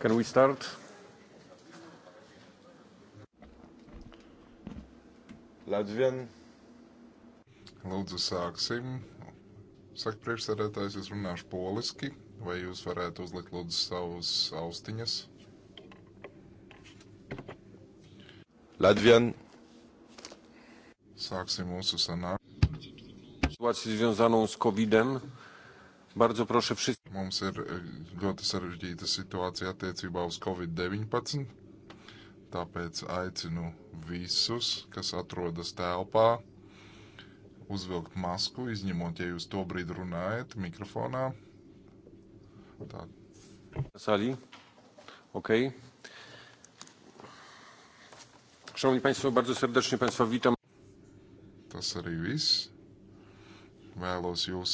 Can we start? Latvian. Lūdzu, sāksim. Saka, priekšsēdētājs, es runāšu poliski. Vai jūs varētu uzlikt lūdzu savus austiņas? Latvian. Sāksim mūsu sanāksmi. Situācija związaną z COVID-em. Bardzo proszę wszystkich. Mums ir e, ļoti sarežģīta situācija attiecībā uz Covid-19, tāpēc aicinu visus, kas atrodas telpā, uzvilkt masku, izņemot, ja jūs to brīdi runājat mikrofonā. Tā. Sali. Ok. Szanowni Państwo, bardzo serdecznie Państwa witam. Tas arī viss. Vēlos jūs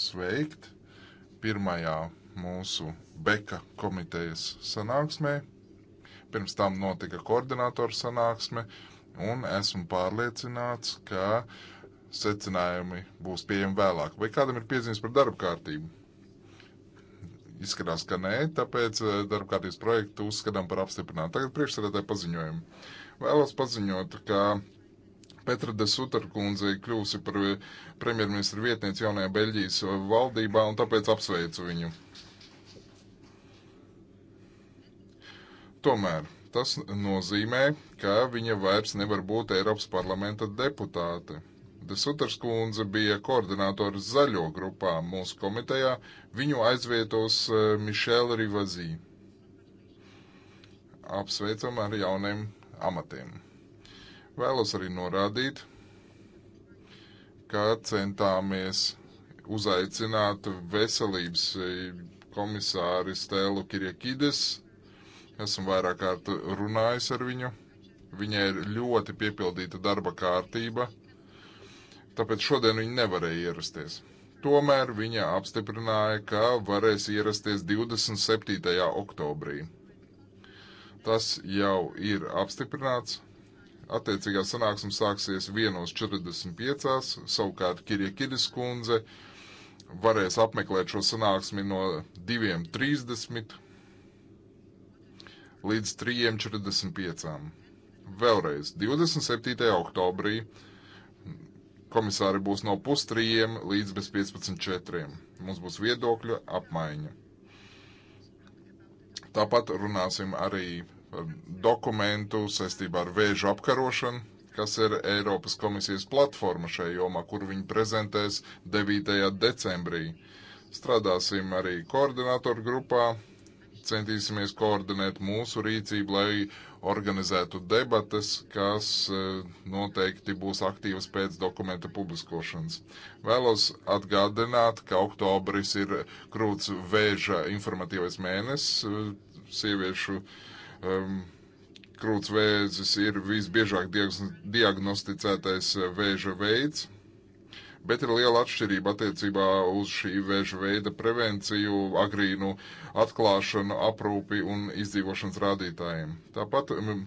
sveikt pirmajā mūsu Beka komitejas sanāksmē. Pirms tam notika koordinātora sanāksme, un esmu pārliecināts, ka secinājumi būs pieejami vēlāk. Vai kādam ir piezīmes par darba kārtību? Izskatās, ka nē, tāpēc eh, darba kārtības projektu uzskatām par apstiprinātu. Tagad priekšsēdētāji paziņojumu. Vēlos paziņot, ka Petra de Sutarkundze kļūsi par premjerministra vietnieci jaunajā Beļģijas valdībā, un tāpēc apsveicu viņu. Tomēr tas nozīmē, ka viņa vairs nevar būt Eiropas parlamenta deputāte. De Sutarskundze bija koordinātors zaļo grupā mūsu komitejā, viņu aizvietos e, Mišela Rivazī. Apsveicam ar jauniem amatiem! Vēlos arī norādīt, ka centāmies uzaicināt veselības e, komisāri Stēlu Kirjakides. Esmu vairāk kārt runājis ar viņu. Viņai ir ļoti piepildīta darba kārtība, tāpēc šodien viņa nevarēja ierasties. Tomēr viņa apstiprināja, ka varēs ierasties 27. oktobrī. Tas jau ir apstiprināts. Attiecīgā sanāksme sāksies 1.45. Savukārt Kirjakidis kundze varēs apmeklēt šo sanāksmi no 2.30 līdz 3.45. Vēlreiz 27. oktobrī komisāri būs no pustrījiem līdz bez 15.4. Mums būs viedokļu apmaiņa. Tāpat runāsim arī dokumentu saistībā ar vēžu apkarošanu, kas ir Eiropas komisijas platforma šajā jomā, kur viņi prezentēs 9. decembrī. Strādāsim arī koordinātoru grupā, centīsimies koordinēt mūsu rīcību, lai organizētu debates, kas e, noteikti būs aktīvas pēc dokumenta publiskošanas. Vēlos atgādināt, ka oktobris ir krūts vēža informatīvais mēnesis e, sieviešu uh, Um, Krūtsvēzis ir visbiežāk diagnosticētais eh, vēža veids, bet ir liela atšķirība attiecībā uz šī vēža veida prevenciju, agrīnu atklāšanu, aprūpi un izdzīvošanas rādītājiem. Tāpat um,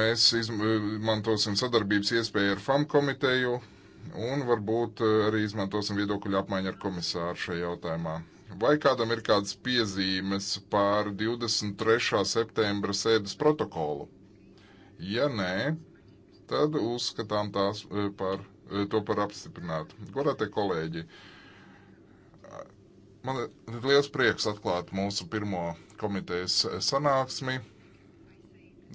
mēs izmantosim sadarbības iespēju ar FAM komiteju un varbūt eh, arī izmantosim viedokļu apmaiņu ar komisāru šajā jautājumā. Vai kādam ir kādas piezīmes par 23. septembra sēdes protokolu? Ja nē, tad uzskatām tās e, par, e, to par apstiprinātu. Gorate kolēģi, man ir liels prieks atklāt mūsu pirmo komitejas sanāksmi.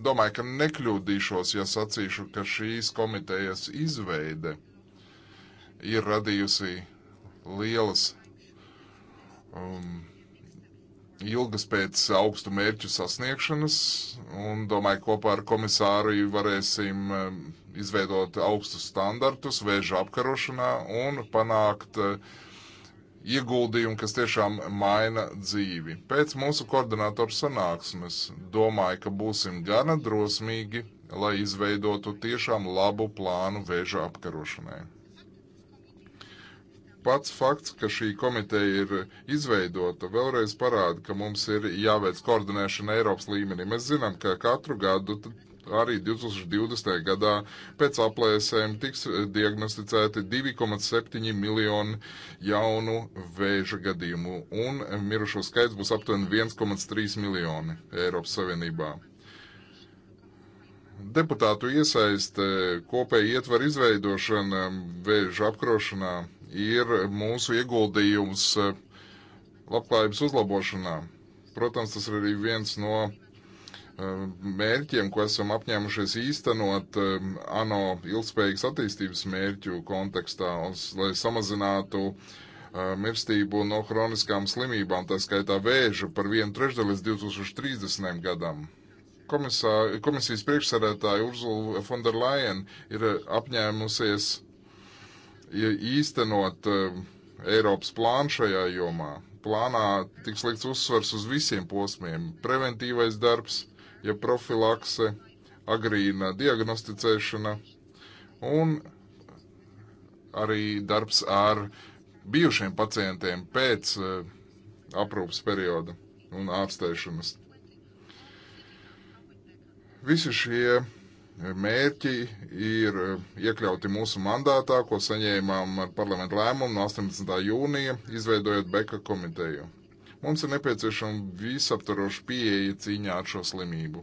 Domāju, ka nekļūdīšos, ja sacīšu, ka šīs komitejas izveide ir radījusi lielas un um, ilgas pēc augstu mērķu sasniegšanas, un domāju, kopā ar komisāru varēsim um, izveidot augstus standartus vēža apkarošanā un panākt uh, ieguldījumu, kas tiešām maina dzīvi. Pēc mūsu koordinātoru sanāksmes domāju, ka būsim gana drosmīgi, lai izveidotu tiešām labu plānu vēža apkarošanai. Pats fakts, ka šī komiteja ir izveidota, vēlreiz parāda, ka mums ir jāveic koordinēšana Eiropas līmenī. Mēs zinām, ka katru gadu, arī 2020. gadā, pēc aplēsēm tiks diagnosticēti 2,7 miljoni jaunu vēža gadījumu, un mirušo skaits būs aptuveni 1,3 miljoni Eiropas Savienībā deputātu iesaiste kopēja ietver izveidošana vēža apkrošanā ir mūsu ieguldījums eh, labklājības uzlabošanā. Protams, tas ir arī viens no eh, mērķiem, ko esam apņēmušies īstenot eh, ANO ilgspējīgas attīstības mērķu kontekstā, lai samazinātu mirstību no hroniskām slimībām, tā skaitā vēža par vienu trešdaļu līdz 2030. gadam. Komisā, komisijas priekšsarētāja Urzula Fonderlajen ir apņēmusies īstenot eh, Eiropas plānu šajā jomā. Plānā tiks likts uzsvars uz visiem posmiem - preventīvais darbs, ja profilakse, agrīna diagnosticēšana un arī darbs ar bijušiem pacientiem pēc eh, aprūpas perioda un ārstēšanas. Visi šie mērķi ir eh, iekļauti mūsu mandātā, ko saņēmām ar parlamentu lēmumu no 18. jūnija, izveidojot Beka komiteju. Mums ir nepieciešama visaptaroša pieeja cīņā ar šo slimību.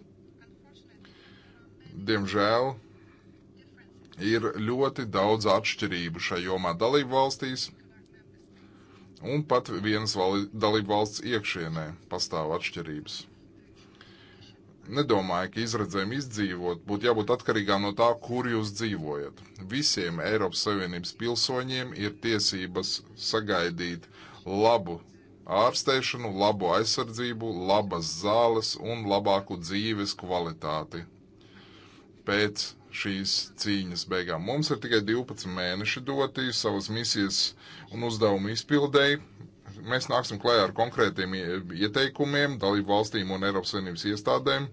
Diemžēl ir ļoti daudz atšķirību šai jomā dalību valstīs, un pat vienas dalību valsts iekšienē pastāv atšķirības nedomāju, ka izredzēm izdzīvot būtu jābūt atkarīgām no tā, kur jūs dzīvojat. Visiem Eiropas Savienības pilsoņiem ir tiesības sagaidīt labu ārstēšanu, labu aizsardzību, labas zāles un labāku dzīves kvalitāti. Pēc šīs cīņas beigām mums ir tikai 12 mēneši doti savas misijas un uzdevumu izpildēji. Mēs nāksim klajā ar konkrētiem ieteikumiem dalību valstīm un Eiropas Savienības iestādēm,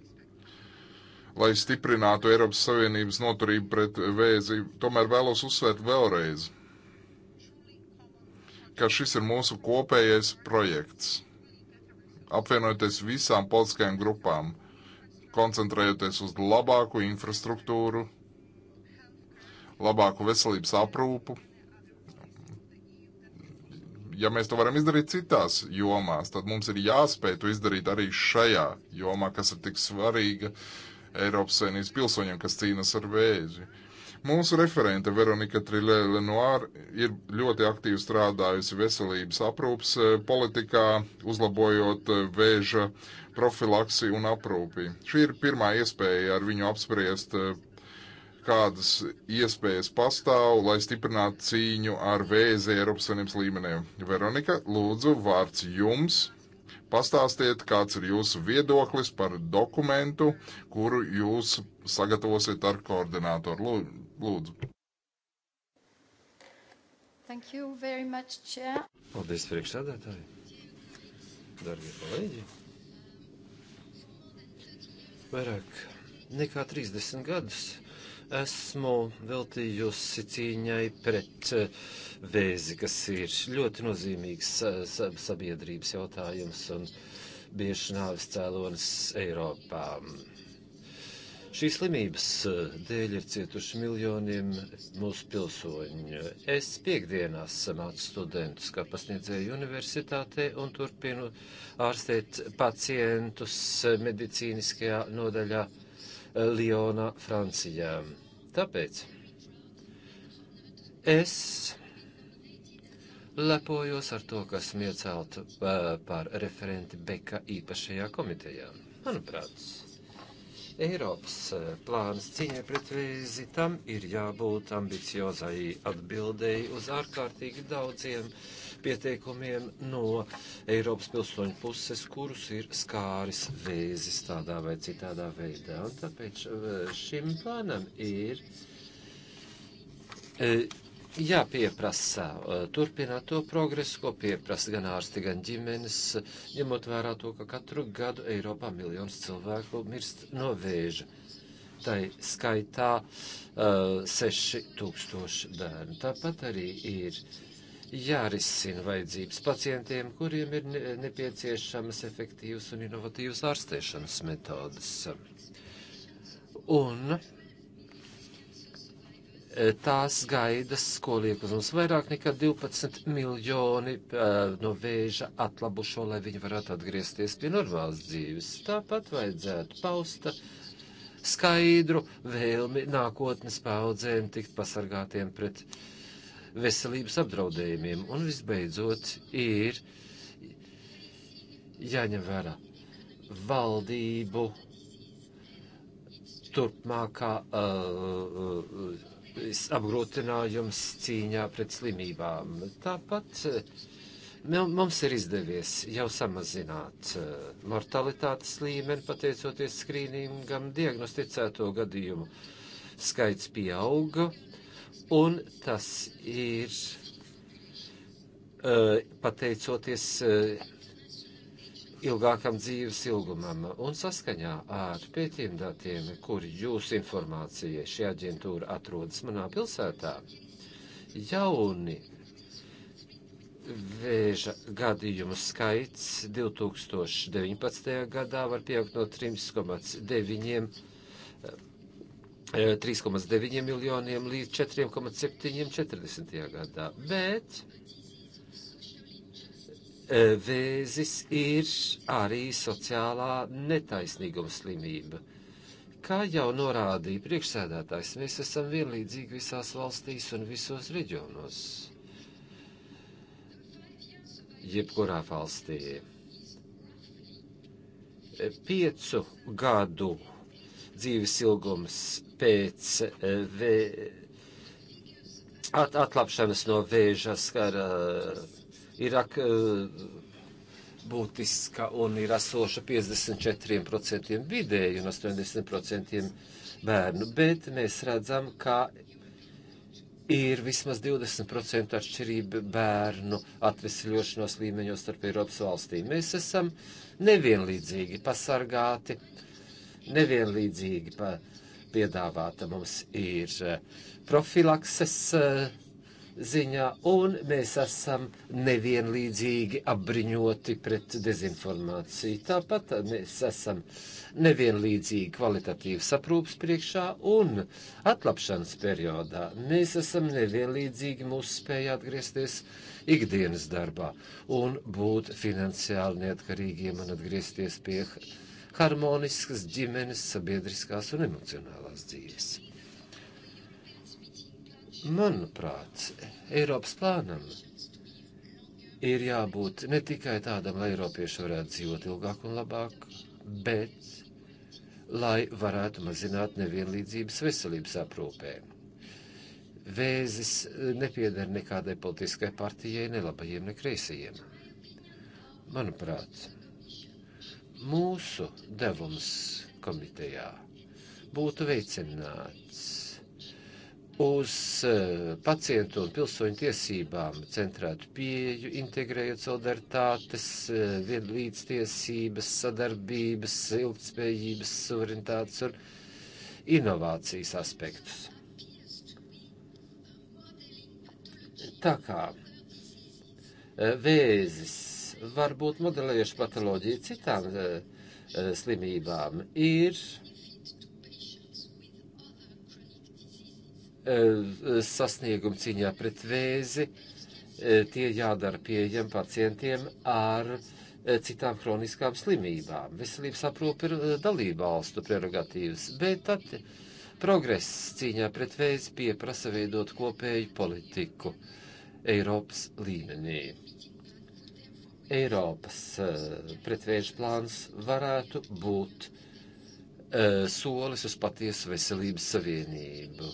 lai stiprinātu Eiropas Savienības noturību pret vēzi. Tomēr vēlos uzsvērt vēlreiz, ka šis ir mūsu kopējais projekts, apvienojoties visām politiskajām grupām, koncentrējoties uz labāku infrastruktūru, labāku veselības aprūpu ja mēs to varam izdarīt citās jomās, tad mums ir jāspēj to izdarīt arī šajā jomā, kas ir tik svarīga Eiropas saimnības pilsoņiem, kas cīnas ar vēzi. Mūsu referente Veronika Trilē-Lenoir ir ļoti aktīvi strādājusi veselības aprūpas e, politikā, uzlabojot e, vēža profilaksi un aprūpi. Šī ir pirmā iespēja ar viņu apspriest e, kādas iespējas pastāv, lai stiprinātu cīņu ar vēzi Eiropas Savienības līmenī. Veronika, lūdzu, vārds jums. Pastāstiet, kāds ir jūsu viedoklis par dokumentu, kuru jūs sagatavosiet ar koordinātoru. Lūdzu. Thank you very much, Chair. Paldies, priekšsēdētāji. Darbie kolēģi. Vairāk nekā 30 gadus esmu veltījusi cīņai pret eh, vēzi, kas ir ļoti nozīmīgs sabiedrības jautājums un bieži nāvis cēlonis Eiropā. Šīs slimības eh, dēļ ir cietuši miljoniem mūsu pilsoņu. Es piekdienās mācu studentus, kā pasniedzēju universitātē, un turpinu ārstēt pacientus eh, medicīniskajā nodaļā Lionā, Francijā. Tāpēc es lepojos ar to, kas miecelt uh, par referenti Beka īpašajā komitejā. Manuprāt, Eiropas plāns cīņai pret vēzi tam ir jābūt ambiciozai atbildēji uz ārkārtīgi daudziem uh, pieteikumiem no Eiropas pilsoņu puses, kurus ir skāris vēzis tādā vai citādā veidā. Un tāpēc eh, šim plānam ir eh, jāpieprasa eh, turpināt to progresu, ko pieprasa gan ārsti, gan ģimenes, ņemot vērā to, ka katru gadu Eiropā miljons cilvēku mirst no vēža tai skaitā uh, 6000 bērnu. Tāpat arī ir jārisina vajadzības pacientiem, kuriem ir nepieciešamas efektīvas un inovatīvas ārstēšanas metodas. Un e, tās gaidas, ko liek uz mums vairāk nekā 12 miljoni uh, no vēža atlabušo, lai viņi varētu atgriezties pie normālas dzīves. Tāpat vajadzētu pausta skaidru vēlmi nākotnes paudzēm tikt pasargātiem pret uh, veselības apdraudējumiem. Un visbeidzot ir jāņem vērā valdību turpmākā uh, uh apgrūtinājums cīņā pret slimībām. Tāpat uh, mums ir izdevies jau samazināt uh, mortalitātes līmeni, pateicoties skrīningam, diagnosticēto gadījumu skaits pieauga Un tas ir uh, pateicoties uh, ilgākam dzīves ilgumam un saskaņā ar pētījuma datiem, kur jūsu informācija šī aģentūra atrodas manā pilsētā, jauni vēža gadījumu skaits 2019. gadā var pieaugt no 3,9 3,9 eh, miljoniem līdz 4,7 40. gadā. Bet eh, vēzis ir arī sociālā netaisnīguma slimība. Kā jau norādīja priekšsēdētājs, mēs esam vienlīdzīgi visās valstīs un visos reģionos. Jebkurā valstī. Eh, piecu gadu dzīves ilgums pēc eh, vē, at, atlapšanas no vēža skara ir ak, eh, būtiska un ir esoša 54% vidēji un 80% bērnu, bet mēs redzam, ka ir vismaz 20% atšķirība bērnu atvesļošanos līmeņos starp Eiropas valstīm. Mēs esam nevienlīdzīgi pasargāti nevienlīdzīgi piedāvāta. Mums ir eh, profilakses eh, ziņā, un mēs esam nevienlīdzīgi apbriņoti pret dezinformāciju. Tāpat mēs esam nevienlīdzīgi kvalitatīvas aprūpas priekšā un atlapšanas periodā. Mēs esam nevienlīdzīgi mūsu spēja atgriezties ikdienas darbā un būt finansiāli neatkarīgiem un atgriezties pie harmoniskas ģimenes, sabiedriskās un emocionālās dzīves. Manuprāt, Eiropas plānam ir jābūt ne tikai tādam, lai Eiropieši varētu dzīvot ilgāk un labāk, bet lai varētu mazināt nevienlīdzības veselības aprūpē. Vēzis nepieder nekādai politiskai partijai, ne labajiem, ne kreisajiem. Manuprāt, mūsu devums komitejā būtu veicināts uz eh, pacientu un pilsoņu tiesībām centrētu pieju, integrējot solidaritātes, eh, vienlīdztiesības, sadarbības, ilgtspējības, suverenitātes un inovācijas aspektus. Tā kā eh, vēzis var būt modelējuši patoloģiju citām e, e, slimībām, ir e, sasniegumi cīņā pret vēzi, e, tie jādara pieejam pacientiem ar e, citām kroniskām slimībām. Veselības aprūpe ir e, dalība valstu prerogatīvas, bet tad progress cīņā pret vēzi pieprasa veidot kopēju politiku Eiropas līmenī Eiropas eh, pretvēža plāns varētu būt eh, solis uz patiesu veselības savienību.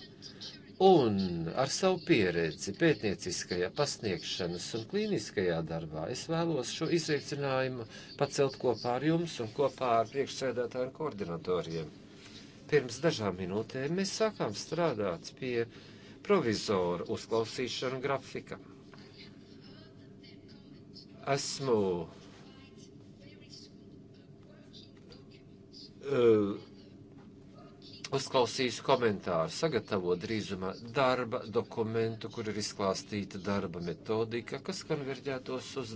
Un ar savu pieredzi pētnieciskajā pasniegšanas un klīniskajā darbā es vēlos šo izveicinājumu pacelt kopā ar jums un kopā ar priekšsēdētājiem koordinatoriem. Pirms dažām minūtēm mēs sākām strādāt pie provizoru uzklausīšanu grafikam esmu uh, eh, uzklausījis komentāru, sagatavo drīzumā darba dokumentu, kur ir izklāstīta darba metodika, kas konverģētos uz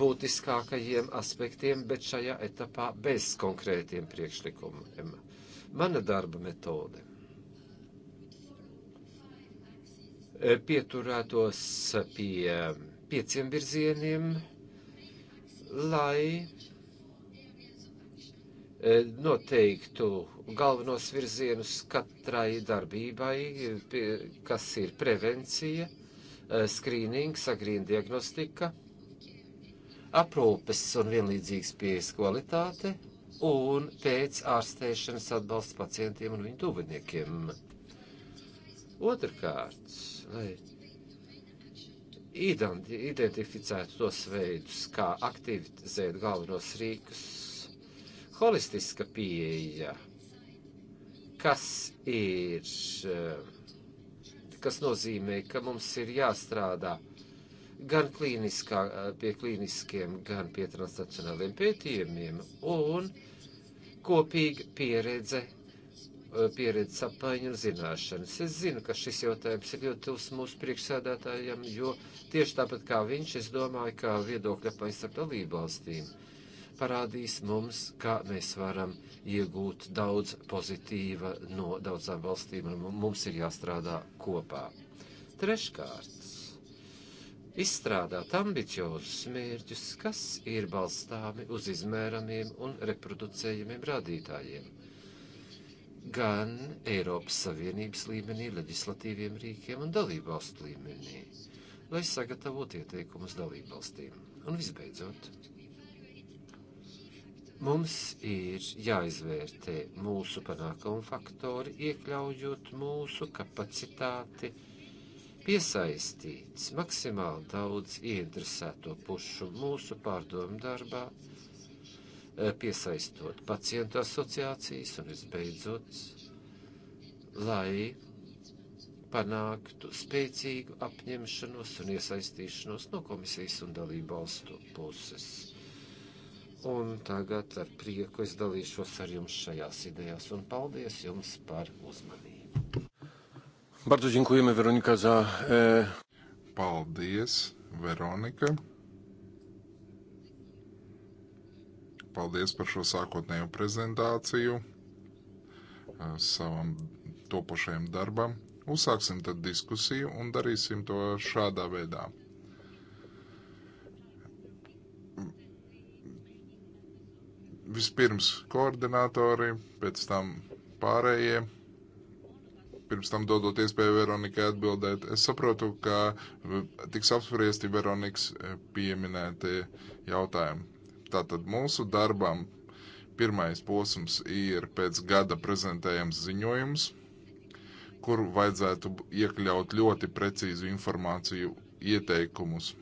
būtiskākajiem aspektiem, bet šajā etapā bez konkrētiem priekšlikumiem. Mana darba metode eh, pieturētos pie pieciem virzieniem, lai e, noteiktu galvenos virzienus katrai darbībai, kas ir prevencija, e, skrīnings, agrīna diagnostika, aprūpes un vienlīdzīgas pieejas kvalitāte un pēc ārstēšanas atbalsts pacientiem un viņu tuviniekiem. Otrkārt, lai identificētu tos veidus, kā aktivizēt galvenos rīkus, holistiska pieeja, kas ir, eh, kas nozīmē, ka mums ir jāstrādā gan klīniskā, pie klīniskiem, gan pie transnacionāliem pētījumiem un kopīga pieredze pieredzes apmaiņa un zināšanas. Es zinu, ka šis jautājums ir ļoti tuvs mūsu priekšsēdētājiem, jo tieši tāpat kā viņš, es domāju, ka viedokļa apmaiņas ar dalību valstīm parādīs mums, kā mēs varam iegūt daudz pozitīva no daudzām valstīm, un mums ir jāstrādā kopā. Treškārt, izstrādāt ambiciozus mērķus, kas ir balstāmi uz izmēramiem un reproducējumiem rādītājiem gan Eiropas Savienības līmenī, leģislatīviem rīkiem un dalībvalstu līmenī, lai sagatavotu ieteikumus dalībvalstīm. Un visbeidzot, mums ir jāizvērtē mūsu panākumu faktori, iekļaujot mūsu kapacitāti piesaistīt maksimāli daudz ieinteresēto pušu mūsu pārdomu darbā Eh, piesaistot pacientu asociācijas un visbeidzot, lai panāktu spēcīgu apņemšanos un iesaistīšanos no komisijas un dalību valstu puses. Un tagad ar prieku es dalīšos ar jums šajās idejās un paldies jums par uzmanību. Bardzo dziękujemy Weronika za... E... Paldies, Veronika. paldies par šo sākotnējo prezentāciju uh, savam topošajam darbam. Uzsāksim tad diskusiju un darīsim to šādā veidā. Vispirms koordinatori, pēc tam pārējie, pirms tam dodot iespēju Veronikai atbildēt. Es saprotu, ka uh, tiks apspriesti Veronikas uh, pieminētie jautājumi. Tātad mūsu darbam pirmais posms ir pēc gada prezentējams ziņojums, kur vajadzētu iekļaut ļoti precīzu informāciju, ieteikumus,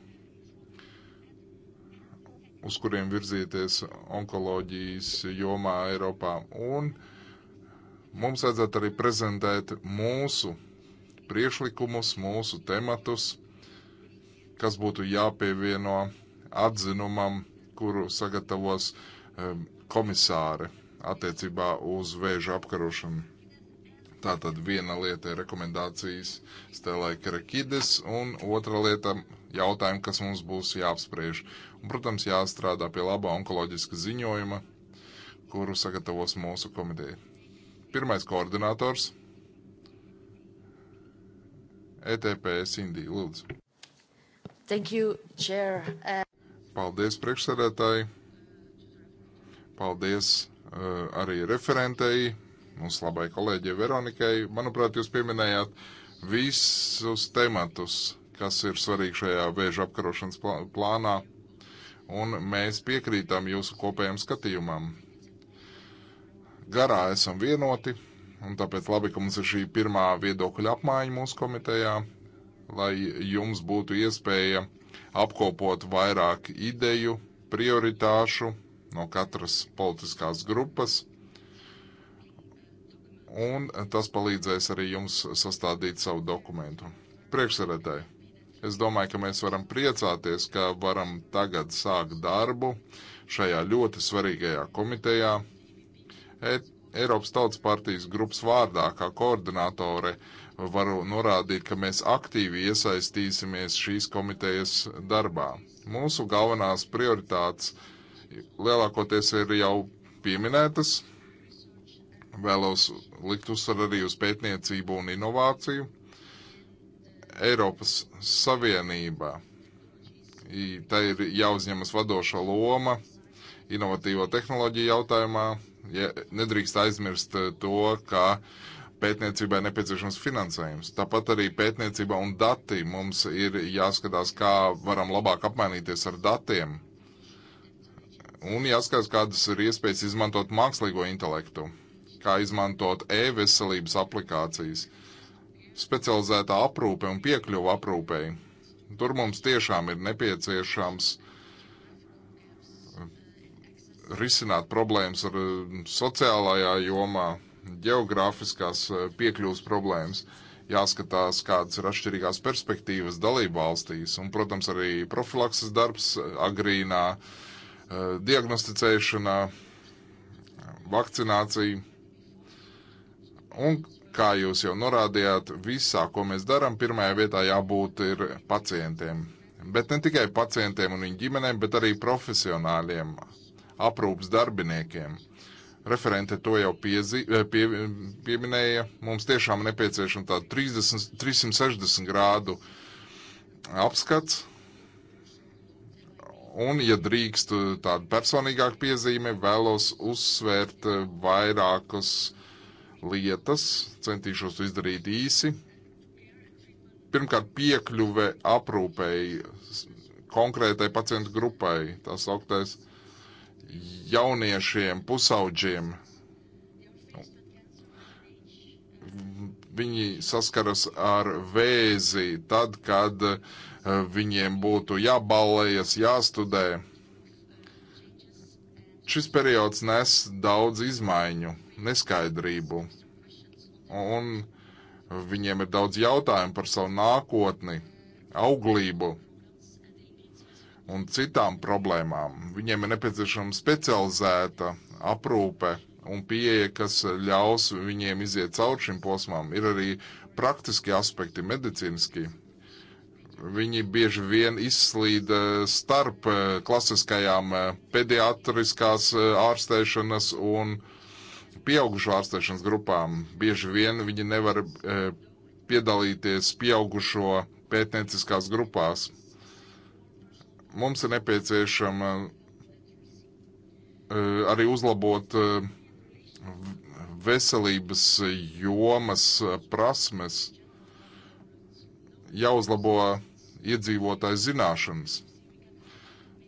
uz kuriem virzīties onkoloģijas jomā Eiropā. Un mums vajadzētu arī prezentēt mūsu priekšlikumus, mūsu tematus, kas būtu jāpievieno atzinumam kuru sagatavos komisāre attiecībā uz vēža apkarošanu. Tātad viena lieta ir rekomendācijas Stelai Krekides, un otra lieta - jautājumi, kas mums būs jāapspriež. Un, protams, jāstrādā pie labā onkoloģiska ziņojuma, kuru sagatavos mūsu komiteja. Pirmais koordinators - ETPS Indija. Lūdzu. Thank you, Chair. Uh... Paldies priekšsēdētāji. Paldies uh, arī referentei, mūsu labai kolēģei Veronikai. Manuprāt, jūs pieminējāt visus tematus, kas ir svarīgi šajā vēža apkarošanas plānā, un mēs piekrītam jūsu kopējam skatījumam. Garā esam vienoti, un tāpēc labi, ka mums ir šī pirmā viedokļa apmaiņa mūsu komitejā, lai jums būtu iespēja uh, apkopot vairāk ideju, prioritāšu no katras politiskās grupas. Un tas palīdzēs arī jums sastādīt savu dokumentu. Priekšsēdētāji, es domāju, ka mēs varam priecāties, ka varam tagad sākt darbu šajā ļoti svarīgajā komitejā. E Eiropas Tautas partijas grupas vārdā, kā koordinātore, uh, varu norādīt, ka mēs aktīvi iesaistīsimies šīs komitejas darbā. Mūsu galvenās prioritātes lielākoties ir jau pieminētas. Vēlos likt uzsver arī uz pētniecību un inovāciju. Eiropas Savienība. Tā ir jāuzņemas vadoša loma inovatīvo tehnoloģiju jautājumā. Ja, nedrīkst aizmirst to, ka uh, pētniecībai nepieciešams finansējums. Tāpat arī pētniecība un dati mums ir jāskatās, kā varam labāk apmainīties ar datiem. Un jāskatās, kādas ir iespējas izmantot mākslīgo intelektu, kā izmantot e-veselības aplikācijas, specializētā aprūpe un piekļuva aprūpei. Tur mums tiešām ir nepieciešams eh, risināt problēmas ar eh, sociālajā jomā, geogrāfiskās eh, piekļuvas problēmas. Jāskatās, kādas ir atšķirīgās perspektīvas dalību valstīs, un, protams, arī profilakses darbs, eh, agrīnā eh, diagnosticēšana, vakcinācija. Un, kā jūs jau norādījāt, visā, ko mēs darām, pirmajā vietā jābūt ir pacientiem. Bet ne tikai pacientiem un viņu ģimenēm, bet arī profesionāļiem, aprūpas darbiniekiem. Referente to jau piezi, eh, pie, pieminēja. Mums tiešām nepieciešama tāda 30, 360 grādu apskats. Un, ja drīkst eh, tādu personīgāku piezīmi, vēlos uzsvērt eh, vairākas lietas. Centīšos izdarīt īsi. Pirmkārt, piekļuve aprūpēji konkrētai pacientu grupai, tā sauktais uh, jauniešiem, pusauģiem. Nu, viņi saskaras ar vēzi tad, kad eh, viņiem būtu jābalējas, jāstudē. Šis periods nes daudz izmaiņu, neskaidrību, un viņiem ir daudz jautājumu par savu nākotni, auglību un citām problēmām. Viņiem ir nepieciešama specializēta aprūpe un pieeja, kas ļaus viņiem iziet cauri šim posmām. Ir arī praktiski aspekti, medicīniski. Viņi bieži vien izslīd eh, starp eh, klasiskajām eh, pediatriskās ārstēšanas un pieaugušo ārstēšanas grupām. Bieži vien viņi nevar piedalīties pieaugušo pētnieciskās grupās Mums ir nepieciešama eh, arī uzlabot eh, veselības jomas eh, prasmes, jāuzlabo iedzīvotāju zināšanas.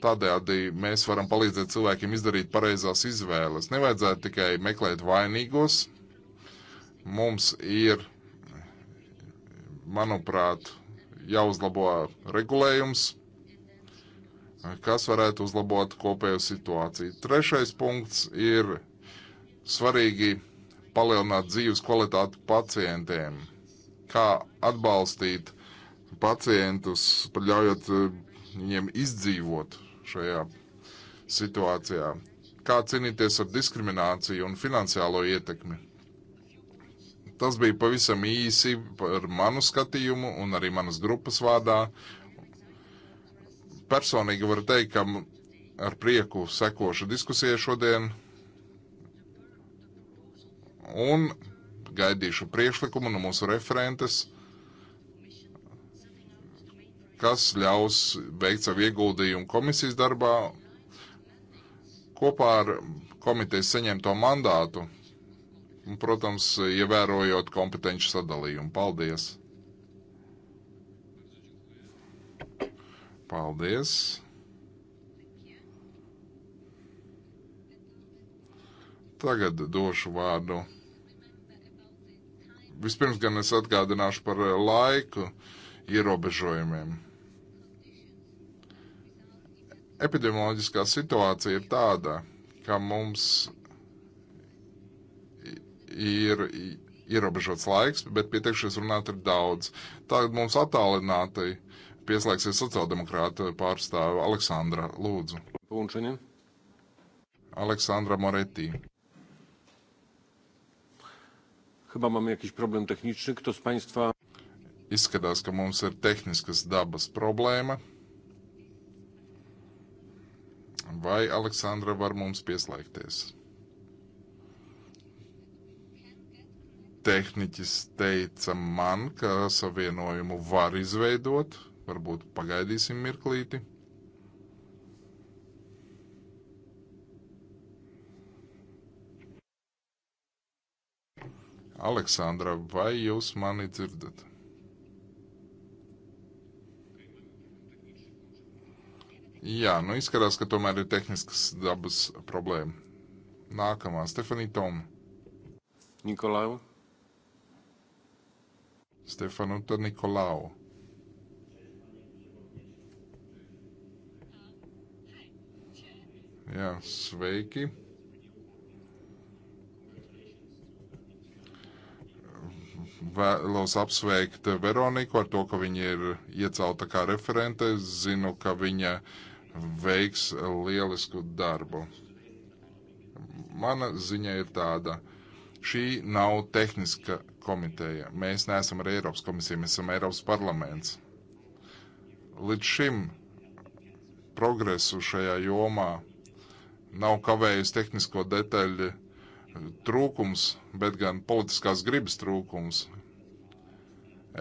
Tādējādi mēs varam palīdzēt cilvēkiem izdarīt pareizās izvēles. Nevajadzētu tikai meklēt vainīgos. Mums ir, manuprāt, jāuzlabo regulējums, kas varētu uzlabot kopējo situāciju. Trešais punkts ir svarīgi palielināt dzīves kvalitāti pacientiem, kā atbalstīt pacientus, ļaujot eh, viņiem izdzīvot šajā situācijā, kā cīnīties ar diskrimināciju un finansiālo ietekmi. Tas bija pavisam īsi par manu skatījumu un arī manas grupas vārdā personīgi varu teikt, ka ar prieku sekošu diskusijai šodien un gaidīšu priekšlikumu no mūsu referentes, kas ļaus veikt savu ieguldījumu komisijas darbā kopā ar komitejas saņemto mandātu un, protams, ievērojot kompetenci sadalījumu. Paldies! Paldies! Tagad došu vārdu. Vispirms gan es atgādināšu par eh, laiku ierobežojumiem. Epidemioloģiskā situācija ir tāda, ka mums ir ierobežots laiks, bet pieteikšies runāt ir daudz. Tagad mums attālināti pieslēgsies sociāldemokrāta pārstāve Aleksandra Lūdzu. Punčaņa. Aleksandra Moretti. Chyba mamy jakiś problem techniczny. Kto z Państwa... Izskatās, ka mums ir tehniskas dabas problēma. Vai Aleksandra var mums pieslēgties? Tehniķis teica man, ka savienojumu var izveidot. Varbūt pagaidīsim mirklīti. Aleksandra, vai jūs mani dzirdat? Jā, nu izskatās, ka tomēr ir tehniskas dabas problēma. Nākamā Stefanija Toma. Nikolau. Stefanu Nikolau. Jā, sveiki. vēlos apsveikt Veroniku ar to, ka viņa ir iecelta kā referente. Zinu, ka viņa veiks lielisku darbu. Mana ziņa ir tāda. Šī nav tehniska komiteja. Mēs neesam ar Eiropas komisiju, mēs esam Eiropas parlaments. Līdz šim progresu šajā jomā nav kavējis tehnisko detaļu trūkums, bet gan politiskās gribas trūkums.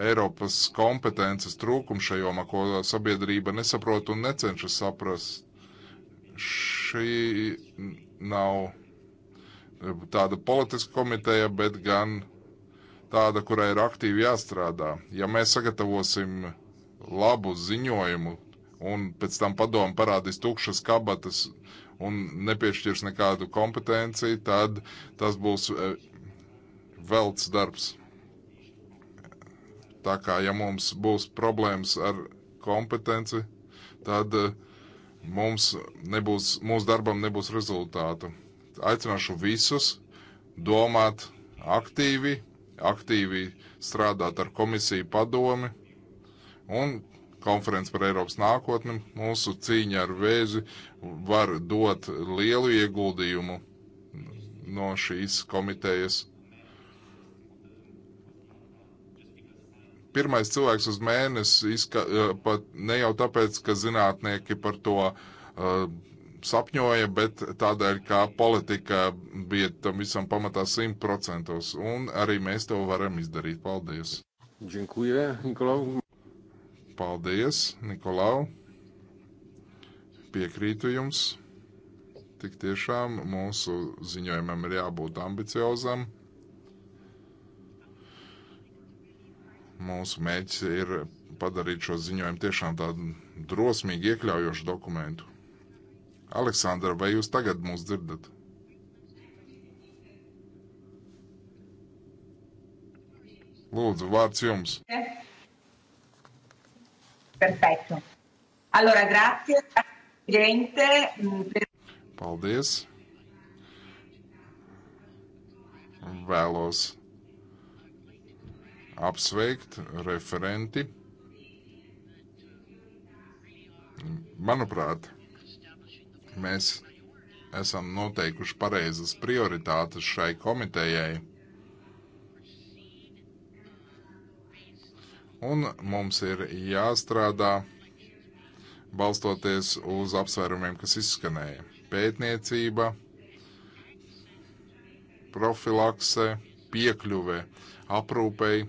Eiropas kompetences trūkums šajā jomā, ko sabiedrība nesaprot un necenšas saprast. Šī nav tāda politiska komiteja, bet gan tāda, kurai ir aktīvi jāstrādā. Ja mēs sagatavosim labu ziņojumu un pēc tam padomu parādīs tukšas kabatas un nepiešķirs nekādu kompetenci, tad tas būs e, velts darbs. Tā kā, ja mums būs problēmas ar kompetenci, tad e, mums nebūs, mūsu darbam nebūs rezultātu. Aicināšu visus domāt aktīvi, aktīvi strādāt ar komisiju padomi un konferenci par Eiropas nākotni. Mūsu cīņa ar vēzi var dot lielu ieguldījumu no šīs komitejas. Pirmais cilvēks uz mēnesi izka, pat ne jau tāpēc, ka zinātnieki par to uh, sapņoja, bet tādēļ, ka politika bija tam visam pamatā simt procentos. Un arī mēs to varam izdarīt. Paldies! Dziękuję, Nikolau. Paldies, Nikolau. Piekrītu jums. Tik tiešām mūsu ziņojumam ir jābūt ambiciozam. Mūsu mērķis ir padarīt šo ziņojumu tiešām tādu drosmīgi iekļaujošu dokumentu. Aleksandra, vai jūs tagad mūs dzirdat? Lūdzu, vārds jums. Yeah. Perfetto. Allora, grazie, Presidente. Mm, Paldies. Vēlos apsveikt referenti. Manuprāt, mēs esam noteikuši pareizas prioritātes šai komitejai un mums ir jāstrādā balstoties uz apsvērumiem, kas izskanēja. Pētniecība, profilakse, piekļuve, aprūpei,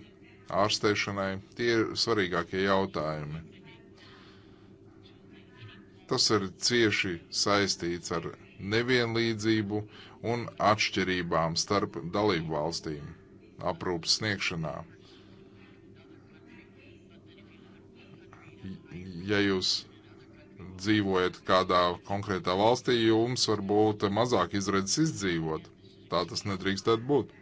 ārstēšanai - tie ir svarīgākie jautājumi. Tas ir cieši saistīts ar nevienlīdzību un atšķirībām starp dalību valstīm aprūpas sniegšanā. ja jūs dzīvojat kādā konkrētā valstī, jums varbūt mazāk izredzes izdzīvot. Tā tas nedrīkstētu būt.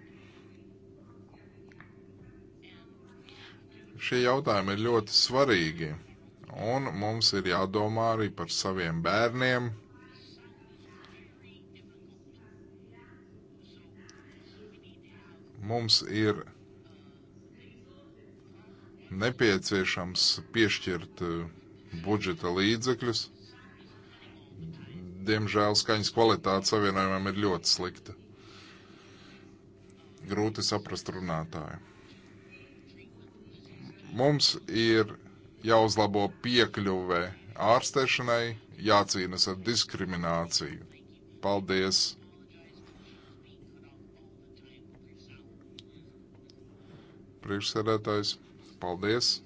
Šie jautājumi ir ļoti svarīgi, un mums ir jādomā arī par saviem bērniem. Mums ir nepieciešams piešķirt uh, budžeta līdzekļus. Diemžēl skaņas kvalitāte savienojumam ir ļoti slikta. Grūti saprast runātāju. Mums ir jāuzlabo piekļuve ārstēšanai, jācīnas ar diskrimināciju. Paldies! Priekšsēdētājs, paldies!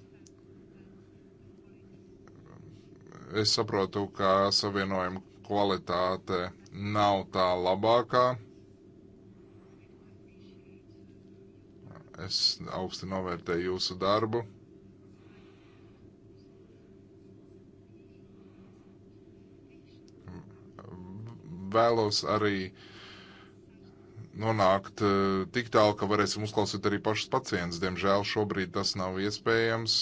Es saprotu, ka savienojuma kvalitāte nav tā labākā. Es augsti novērtēju jūsu darbu. Vēlos arī nonākt eh, tik tālu, ka varēsim uzklausīt arī pašus pacientus. Diemžēl šobrīd tas nav iespējams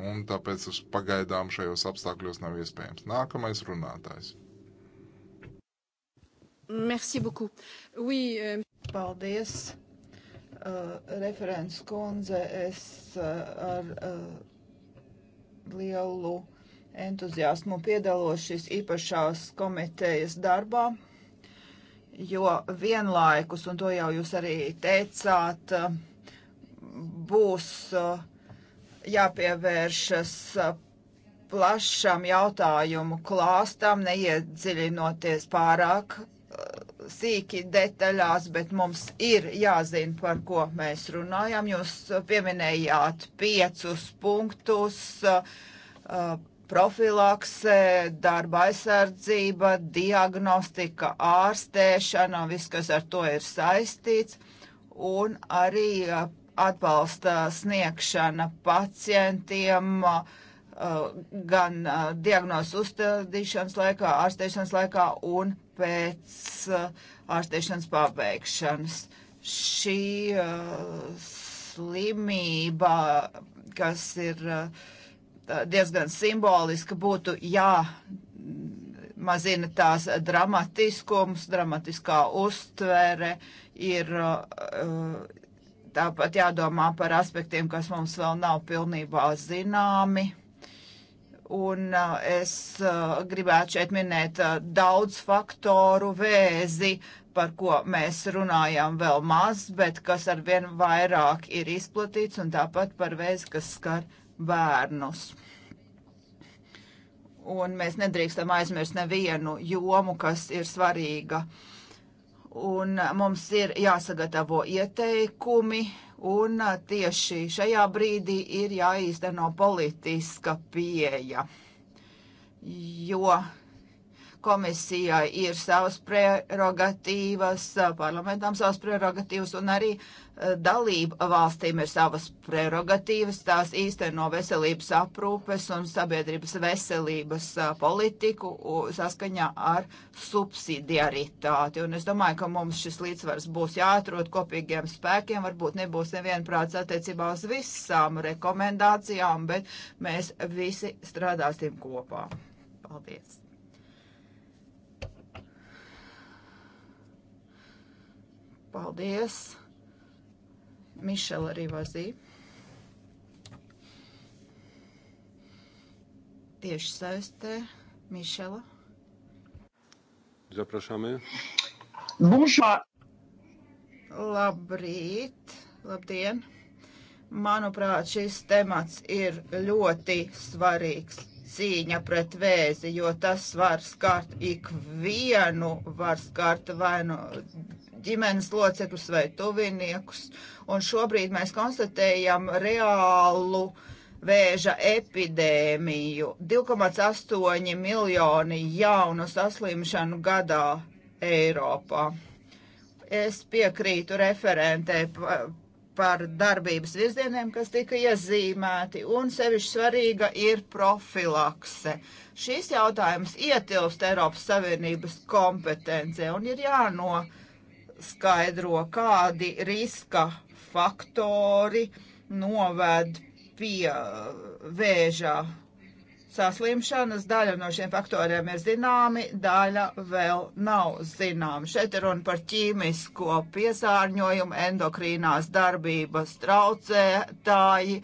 un tāpēc tas pagaidām šajos apstākļos nav iespējams. Nākamais runātājs. Merci beaucoup. Oui, euh... Paldies, uh, referents kundze. Es uh, ar uh, lielu entuziasmu piedalos šīs īpašās komitejas darbā, jo vienlaikus, un to jau jūs arī teicāt, uh, būs. Uh, jāpievēršas uh, plašam jautājumu klāstam, neiedziļinoties pārāk uh, sīki detaļās, bet mums ir jāzina, par ko mēs runājam. Jūs uh, pieminējāt piecus punktus - profilakse, darba aizsardzība, diagnostika, ārstēšana, viss, kas ar to ir saistīts, un arī atbalsta sniegšana pacientiem, uh, gan uh, diagnozu uzstādīšanas laikā, ārstēšanas laikā un pēc uh, ārstēšanas pabeigšanas. Šī slimība, kas ir diezgan simboliska, būtu jā mazina tās dramatiskums, dramatiskā uztvere, ir uh, Tāpat jādomā par aspektiem, kas mums vēl nav pilnībā zināmi. Un es gribētu šeit minēt daudz faktoru vēzi, par ko mēs runājam vēl maz, bet kas arvien vairāk ir izplatīts, un tāpat par vēzi, kas skar bērnus. Un mēs nedrīkstam aizmirst nevienu jomu, kas ir svarīga uh, un mums ir jāsagatavo ieteikumi, un tieši šajā brīdī ir jāīsteno politiska pieeja, jo Komisijai ir savas prerogatīvas, parlamentam savas prerogatīvas un arī eh, dalība valstīm ir savas prerogatīvas. Tās īsteno veselības aprūpes un sabiedrības veselības eh, politiku saskaņā ar subsidiaritāti. Un es domāju, ka mums šis līdzsvars būs jāatrod kopīgiem spēkiem. Varbūt nebūs nevienprāts attiecībā uz visām rekomendācijām, bet mēs visi strādāsim kopā. Paldies! Paldies! Mišela Rivazī. Tieši saistē Mišela. Zapraszamy. Bonjour. Labrīt, labdien. Manuprāt, šis temats ir ļoti svarīgs. Cīņa pret vēzi, jo tas var skart ikvienu, var skart vai nu ģimenes locekļus vai tuviniekus. Un šobrīd mēs konstatējam reālu vēža epidēmiju. 2,8 miljoni jaunu saslimšanu gadā Eiropā. Es piekrītu referentē par darbības virzieniem, kas tika iezīmēti, un sevišķi svarīga ir profilakse. Šis jautājums ietilpst Eiropas Savienības kompetencē un ir jānodrošina jāpaskaidro, kādi riska faktori noved pie uh, vēža saslimšanas. Daļa no šiem faktoriem ir zināmi, daļa vēl nav zināma. Šeit ir runa par ķīmisko piesārņojumu, endokrīnās darbības traucētāji,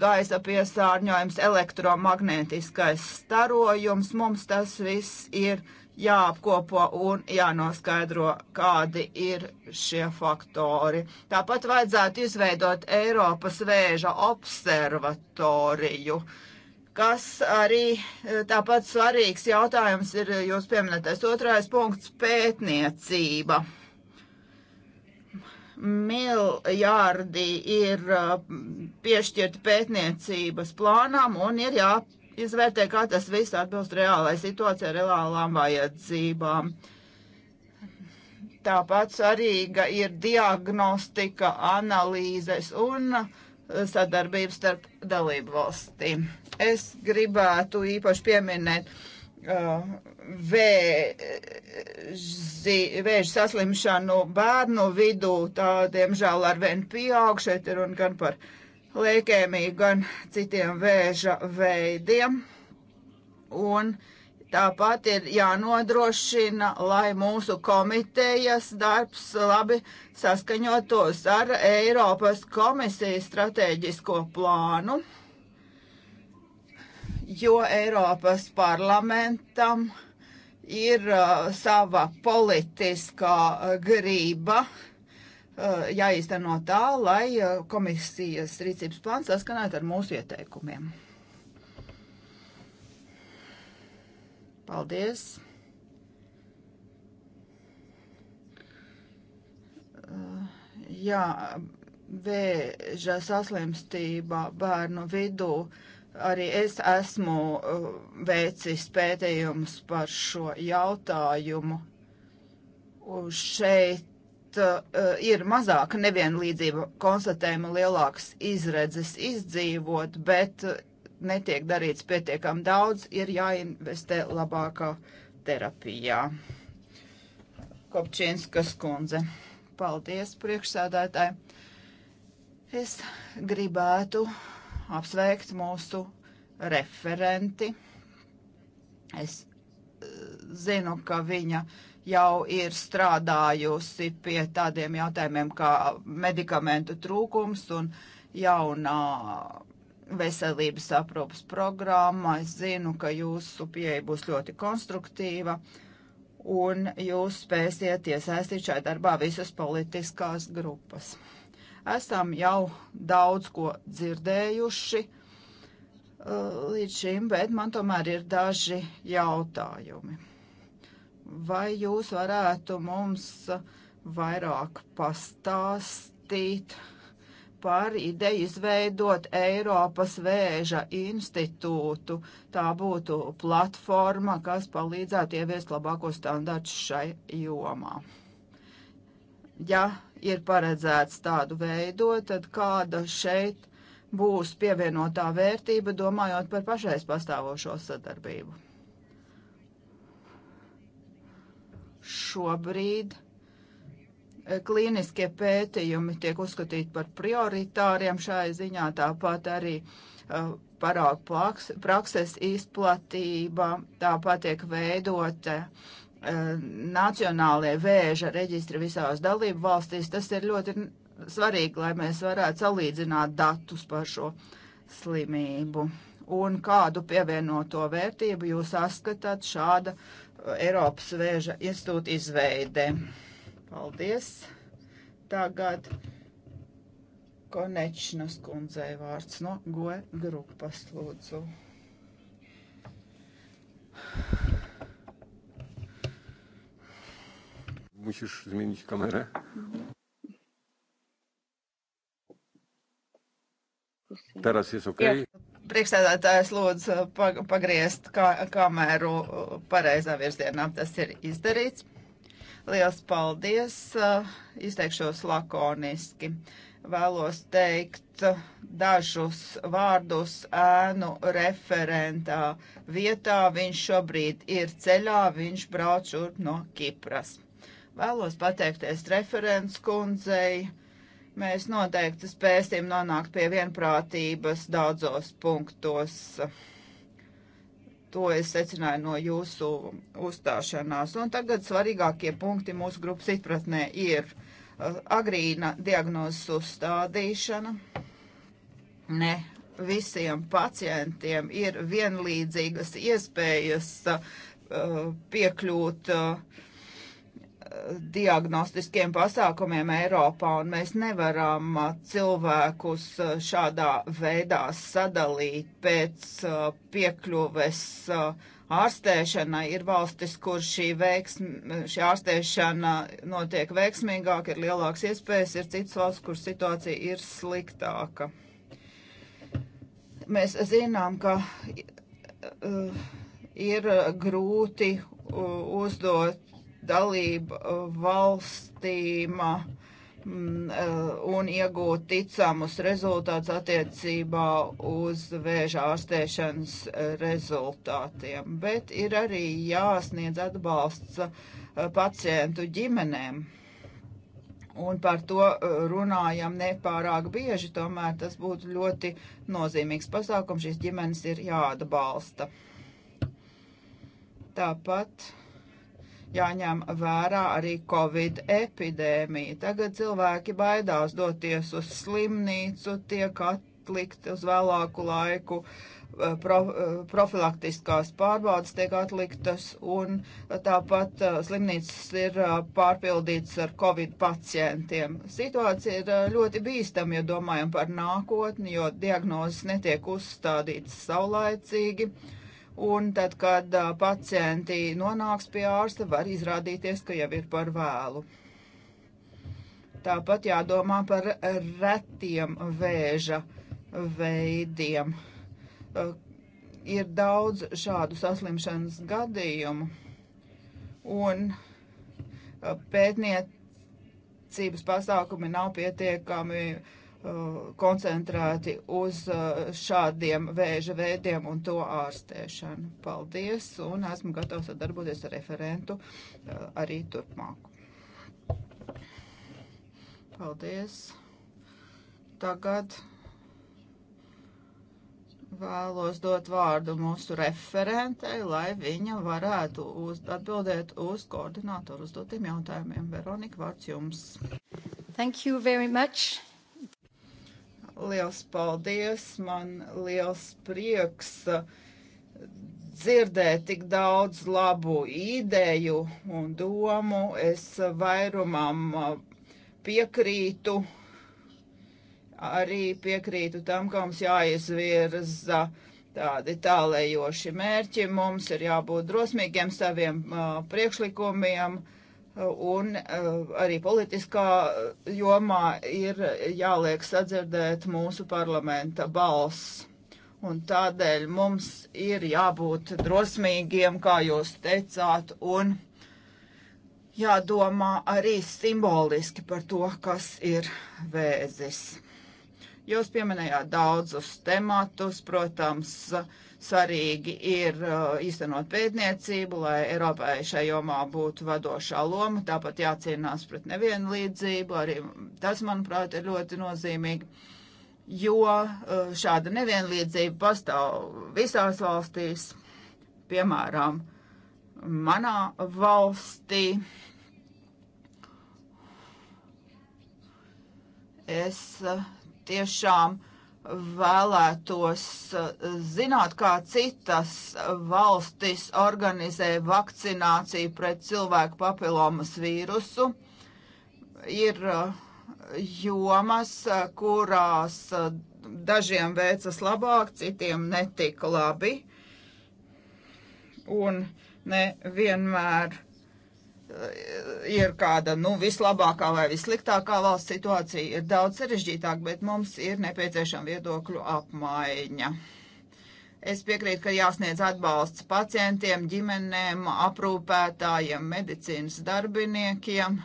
gaisa piesārņojums, elektromagnētiskais starojums. Mums tas viss ir zināms jāapkopo un jānoskaidro, kādi ir šie faktori. Tāpat vajadzētu izveidot Eiropas vēža observatoriju, kas arī eh, tāpat svarīgs jautājums ir jūs pieminētais otrais punkts - pētniecība. Miljardi ir eh, piešķirti pētniecības plānām un ir jāpētniecība izvērtē, kā tas viss atbilst reālai situācijai, reālām vajadzībām. Tāpat svarīga ir diagnostika, analīzes un sadarbības starp dalību valstīm. Es gribētu īpaši pieminēt uh, vēži, vēža saslimšanu bērnu vidū, tā diemžēl arvien pieaug, šeit ir un gan par uh, leikēmiju, gan citiem vēža veidiem. Un tāpat ir jānodrošina, lai mūsu komitejas darbs labi saskaņotos ar Eiropas komisijas strateģisko plānu, jo Eiropas parlamentam ir uh, sava politiskā grība uh, Eh, jāīsteno tā, lai eh, komisijas rīcības plāns saskanētu ar mūsu ieteikumiem. Paldies! Eh, jā, vēža saslimstība bērnu vidū arī es esmu veicis pētījumus par šo jautājumu. Šeit pat uh, eh, ir mazāka nevienlīdzība konstatējama, lielāks izredzes izdzīvot, bet eh, netiek darīts pietiekami daudz, ir jāinvestē labākā terapijā. Kopčinskas kundze. Paldies, priekšsēdētāji. Es gribētu apsveikt mūsu referenti. Es eh, zinu, ka viņa uh, jau ir strādājusi pie tādiem jautājumiem kā medikamentu trūkums un jaunā veselības aprūpas programma. Es zinu, ka jūsu pieeja būs ļoti konstruktīva un jūs spēsiet iesaistīt šajā darbā visas politiskās grupas. Esam jau daudz ko dzirdējuši uh, līdz šim, bet man tomēr ir daži jautājumi. Vai jūs varētu mums vairāk pastāstīt par ideju izveidot Eiropas vēža institūtu? Tā būtu platforma, kas palīdzētu ieviest labākos standartus šai jomā. Ja ir paredzēts tādu veidot, tad kāda šeit būs pievienotā vērtība, domājot par pašreiz pastāvošo sadarbību? šobrīd eh, klīniskie pētījumi tiek uzskatīti par prioritāriem šai ziņā, tāpat arī uh, eh, parāgu prakses izplatība, tāpat tiek veidota uh, nacionālie vēža reģistri visās dalību valstīs. Tas ir ļoti svarīgi, lai mēs varētu salīdzināt datus par šo slimību. Un kādu pievienoto vērtību jūs saskatāt šāda uh, Eiropas vēža institūta izveide. Paldies! Tagad Konečnas kundzei vārds no GOE grupas lūdzu. Musisz zmienić kamerę. Mhm. Teraz jest ok. Priekšsēdētājs lūdzu uh, pagriezt kā, kameru uh, pareizā virzienā. Tas ir izdarīts. Liels paldies. Uh, izteikšos lakoniski. Vēlos teikt dažus vārdus ēnu referentā vietā. Viņš šobrīd ir ceļā, viņš brauc šurp no Kipras. Vēlos pateikties referents kundzei Mēs noteikti spēsim nonākt pie vienprātības daudzos punktos. To es secināju no jūsu uzstāšanās. Un tagad svarīgākie punkti mūsu grupas izpratnē ir uh, agrīna diagnozes uzstādīšana. Ne visiem pacientiem ir vienlīdzīgas iespējas uh, piekļūt uh, diagnostiskiem pasākumiem Eiropā, un mēs nevaram uh, cilvēkus uh, šādā veidā sadalīt pēc uh, piekļuves ārstēšanai. Ir valstis, kur šī, veiksm, šī ārstēšana notiek veiksmīgāk, ir lielāks iespējas, ir citas valsts, kur situācija ir sliktāka. Mēs zinām, ka uh, ir grūti uzdot dalību uh, valstīm uh, mm, uh, un iegūt ticamus rezultātus attiecībā uz vēža ārstēšanas rezultātiem. Bet ir arī jāsniedz atbalsts pacientu ģimenēm. Un par to runājam nepārāk bieži, tomēr tas būtu ļoti nozīmīgs pasākums. Šīs ģimenes ir jāatbalsta. Tāpat jāņem vērā arī Covid epidēmija. Tagad cilvēki baidās doties uz slimnīcu, tiek atlikt uz vēlāku laiku eh, pro, eh, profilaktiskās pārbaudas tiek atliktas, un tāpat eh, slimnīcas ir pārpildītas ar covid pacientiem. Situācija ir ļoti bīstama, ja domājam par nākotni, jo diagnozes netiek uzstādītas saulaicīgi. Un tad, kad uh, pacienti nonāks pie ārsta, var izrādīties, ka jau ir par vēlu. Tāpat jādomā par retiem vēža veidiem. Uh, ir daudz šādu saslimšanas gadījumu, un pētniecības pasākumi nav pietiekami uh, Uh, koncentrēti uz uh, šādiem vēža veidiem un to ārstēšanu. Paldies, un esmu gatavs sadarboties ar referentu uh, arī turpmāk. Paldies. Tagad vēlos dot vārdu mūsu referentei, lai viņa varētu uz, atbildēt uz koordinātoru uzdotiem jautājumiem. Veronika, vārds jums. Thank you very much liels paldies, man liels prieks uh, dzirdēt tik daudz labu ideju un domu. Es vairumam uh, piekrītu, arī piekrītu tam, ka mums jāizvirza tādi tālējoši mērķi. Mums ir jābūt drosmīgiem saviem uh, priekšlikumiem. Uh, un eh, arī politiskā eh, jomā ir jāliek sadzirdēt mūsu parlamenta balss. Un tādēļ mums ir jābūt drosmīgiem, kā jūs teicāt, un jādomā arī simboliski par to, kas ir vēzis. Jūs pieminējāt daudzus tematus, protams, uh, Svarīgi ir uh, īstenot pētniecību, lai Eiropai šajā jomā būtu vadošā loma, tāpat jācīnās pret nevienlīdzību, arī tas, manuprāt, ir ļoti nozīmīgi, jo uh, šāda nevienlīdzība pastāv visās valstīs, piemēram, manā valstī. Es uh, tiešām uh, vēlētos eh, zināt, kā citas valstis organizē vakcināciju pret cilvēku papilomas vīrusu. Ir eh, jomas, eh, kurās dažiem veicas labāk, citiem netika labi. Un nevienmēr ir kāda, nu, vislabākā vai vissliktākā valsts situācija, ir daudz sarežģītāk, bet mums ir nepieciešama viedokļu apmaiņa. Es piekrītu, ka jāsniedz atbalsts pacientiem, ģimenēm, aprūpētājiem, medicīnas darbiniekiem.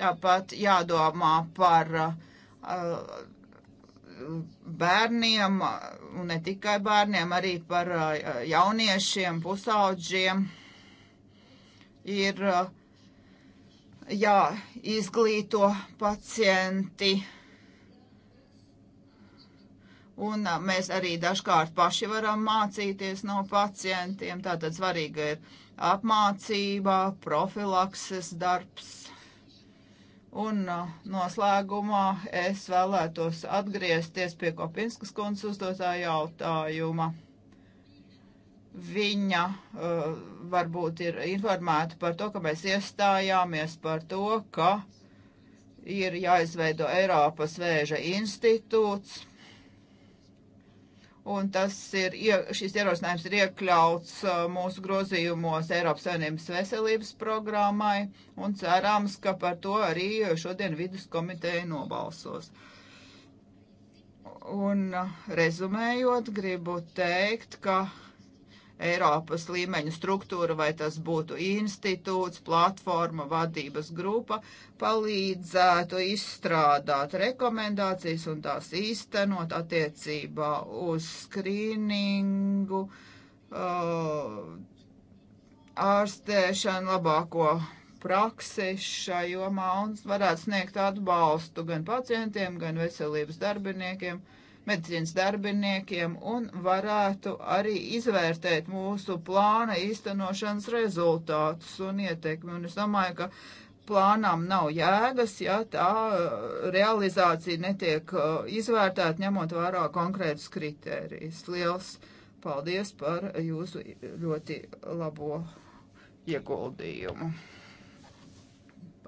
Tāpat jādomā par uh, bērniem, un ne tikai bērniem, arī par uh, jauniešiem, pusaudžiem ir uh, jāizglīto pacienti. Un uh, mēs arī dažkārt paši varam mācīties no pacientiem. Tātad svarīga ir apmācība, profilakses darbs. Un uh, noslēgumā es vēlētos atgriezties pie Kopinskas kundzes uzdotā jautājuma viņa uh, varbūt ir informēta par to, ka mēs iestājāmies par to, ka ir jāizveido Eiropas vēža institūts. Un tas ir, šis ierosinājums ir iekļauts eh, mūsu grozījumos Eiropas Savienības veselības programmai un cerams, ka par to arī šodien vidus komiteja nobalsos. Un eh, rezumējot, gribu teikt, ka Eiropas līmeņa struktūra, vai tas būtu institūts, platforma, vadības grupa, palīdzētu izstrādāt rekomendācijas un tās īstenot attiecībā uz skrīningu, uh, ārstēšanu, labāko praksi šajā jomā un varētu sniegt atbalstu gan pacientiem, gan veselības darbiniekiem medicīnas darbiniekiem un varētu arī izvērtēt mūsu plāna īstenošanas rezultātus un ietekmi. Un es domāju, ka plānām nav jēgas, ja tā eh, realizācija netiek eh, izvērtēta ņemot vērā konkrētus kritērijus. Liels paldies par jūsu ļoti labo ieguldījumu.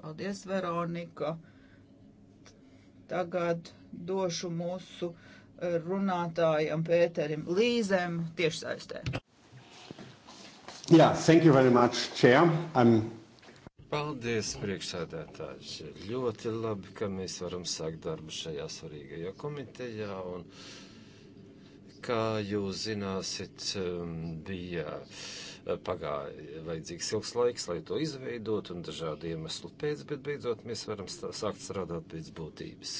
Paldies, Veronika. Tagad došu mūsu runātājam Pēterim Līzēm tiešsaistē. Yeah, thank you very much, Chair. I'm Paldies, priekšsēdētājs. Ļoti labi, ka mēs varam sākt darbu šajā svarīgajā komitejā. Un, kā jūs zināsit, um, bija uh, pagāja vajadzīgs ilgs laiks, lai to izveidot un dažādu iemeslu pēc, bet beidzot mēs varam sākt strādāt pēc būtības.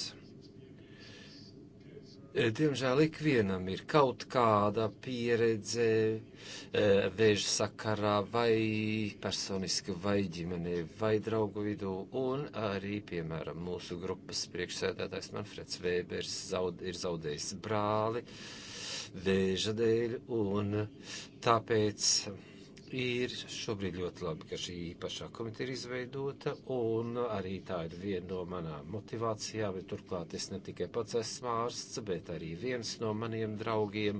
Eh, diemžēl ikvienam ir kaut kāda pieredze eh, vēža sakarā vai personiski, vai ģimenē, vai draugu vidū, un arī, piemēram, mūsu grupas priekšsēdētājs Manfreds Vēbers zaud, ir zaudējis brāli vēža dēļ, un tāpēc ir šobrīd ļoti labi, ka šī īpašā komiteja ir izveidota, un arī tā ir viena no manām motivācijām, bet turklāt es ne tikai pats esmu ārsts, bet arī viens no maniem draugiem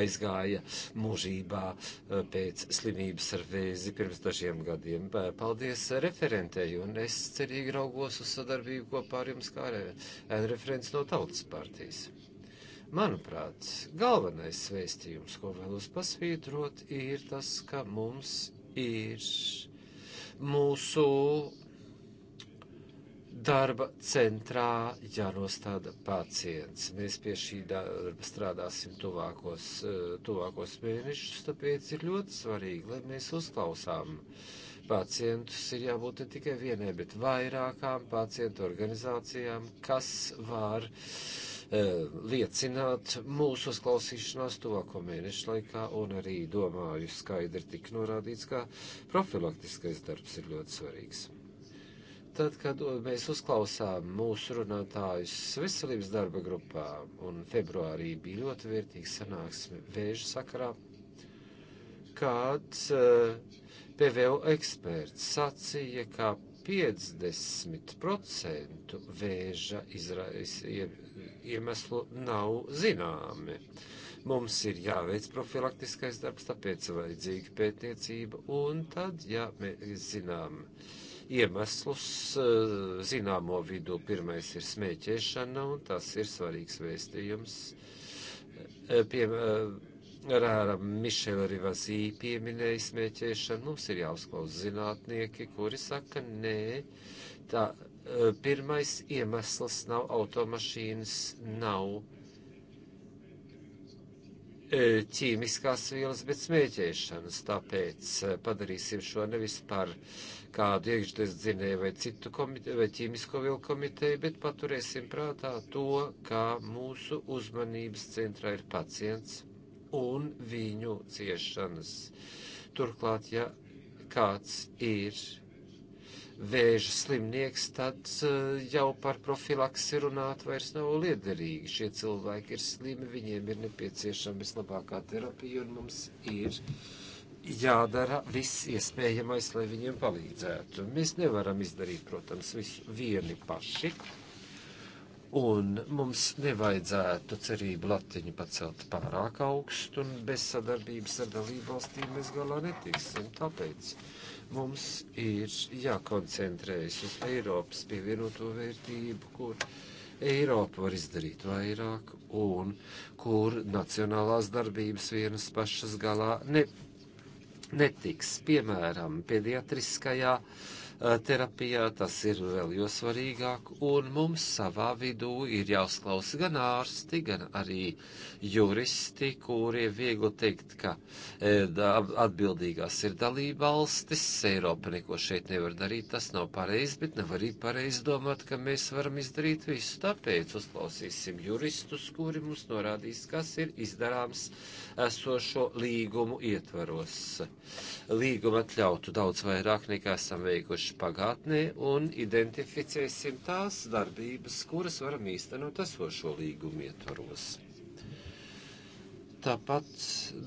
aizgāja mūžībā eh, pēc slimības ar vēzi pirms dažiem gadiem. Paldies referentei, un es cerīgi raugos uz sadarbību kopā ar jums kā referents no Tautas partijas. Manuprāt, galvenais vēstījums, ko vēlos pasvītrot, ir tas, ka mums ir mūsu darba centrā jānostāda pacients. Mēs pie šī darba strādāsim tuvākos, eh, tuvākos mēnešus, tāpēc ir ļoti svarīgi, lai mēs uzklausām pacientus. Ir jābūt ne tikai vienai, bet vairākām pacientu organizācijām, kas var uh, E, liecināt mūsu uzklausīšanās tuvāko mēnešu laikā, un arī, domāju, skaidri tik norādīts, ka profilaktiskais darbs ir ļoti svarīgs. Tad, kad mēs uzklausām mūsu runātājus veselības darba grupā, un februārī bija ļoti vērtīga sanāksme vēža sakarā, kāds e, PVO eksperts sacīja, ka 50% vēža izraisa iemeslu nav zināmi. Mums ir jāveic profilaktiskais darbs, tāpēc ir vajadzīga pētniecība, un tad, ja mēs zinām iemeslus, eh, zināmo vidū pirmais ir smēķēšana, un tas ir svarīgs vēstījums. Eh, Piemēram, eh, Rāra Mišela Rivasī pieminēja smēķēšanu, mums ir jāuzklaus zinātnieki, kuri saka, nē, tā Eh, pirmais iemesls nav automašīnas, nav eh, ķīmiskās vielas, bet smēķēšanas. Tāpēc eh, padarīsim šo nevis par kādu iekšdes dzinēju vai citu komiteju, vai ķīmisko vielu komiteju, bet paturēsim prātā to, ka mūsu uzmanības centrā ir pacients un viņu ciešanas. Turklāt, ja kāds ir vēža slimnieks, tad eh, jau par profilaksi runāt vairs nav liederīgi. Šie cilvēki ir slimi, viņiem ir nepieciešama vislabākā terapija, un mums ir jādara viss iespējamais, lai viņiem palīdzētu. Mēs nevaram izdarīt, protams, visu vieni paši. Un mums nevajadzētu cerību latiņu pacelt pārāk augstu, un bez sadarbības ar dalībvalstīm mēs galā netiksim. Tāpēc Mums ir jākoncentrējas uz Eiropas pievienoto vērtību, kur Eiropa var izdarīt vairāk un kur nacionālās darbības vienas pašas galā ne, netiks. Piemēram, pediatriskajā uh, Eh, terapijā, tas ir vēl jo svarīgāk, un mums savā vidū ir jāuzklausa gan ārsti, gan arī juristi, kurie viegli teikt, ka eh, atbildīgās ir dalība valstis, Eiropa neko šeit nevar darīt, tas nav pareizi, bet nevar arī pareizi domāt, ka mēs varam izdarīt visu, tāpēc uzklausīsim juristus, kuri mums norādīs, kas ir izdarāms esošo līgumu ietvaros. Līguma atļautu daudz vairāk nekā esam veikuši bijušas pagātnē un identificēsim tās darbības, kuras varam īstenot esošo līgumu ietvaros. Tāpat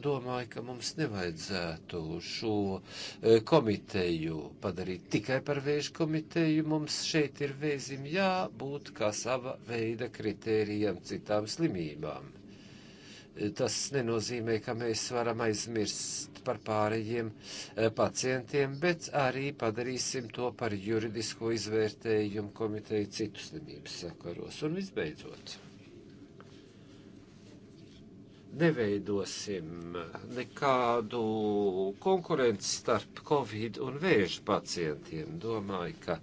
domāju, ka mums nevajadzētu šo e, komiteju padarīt tikai par vēža komiteju. Mums šeit ir vēzim jābūt kā sava veida kritērijam citām slimībām. Tas nenozīmē, ka mēs varam aizmirst par pārējiem eh, pacientiem, bet arī padarīsim to par juridisko izvērtējumu komiteju citu slimību sakaros. Un visbeidzot, neveidosim nekādu konkurenci starp covid un vēža pacientiem. Domāju, ka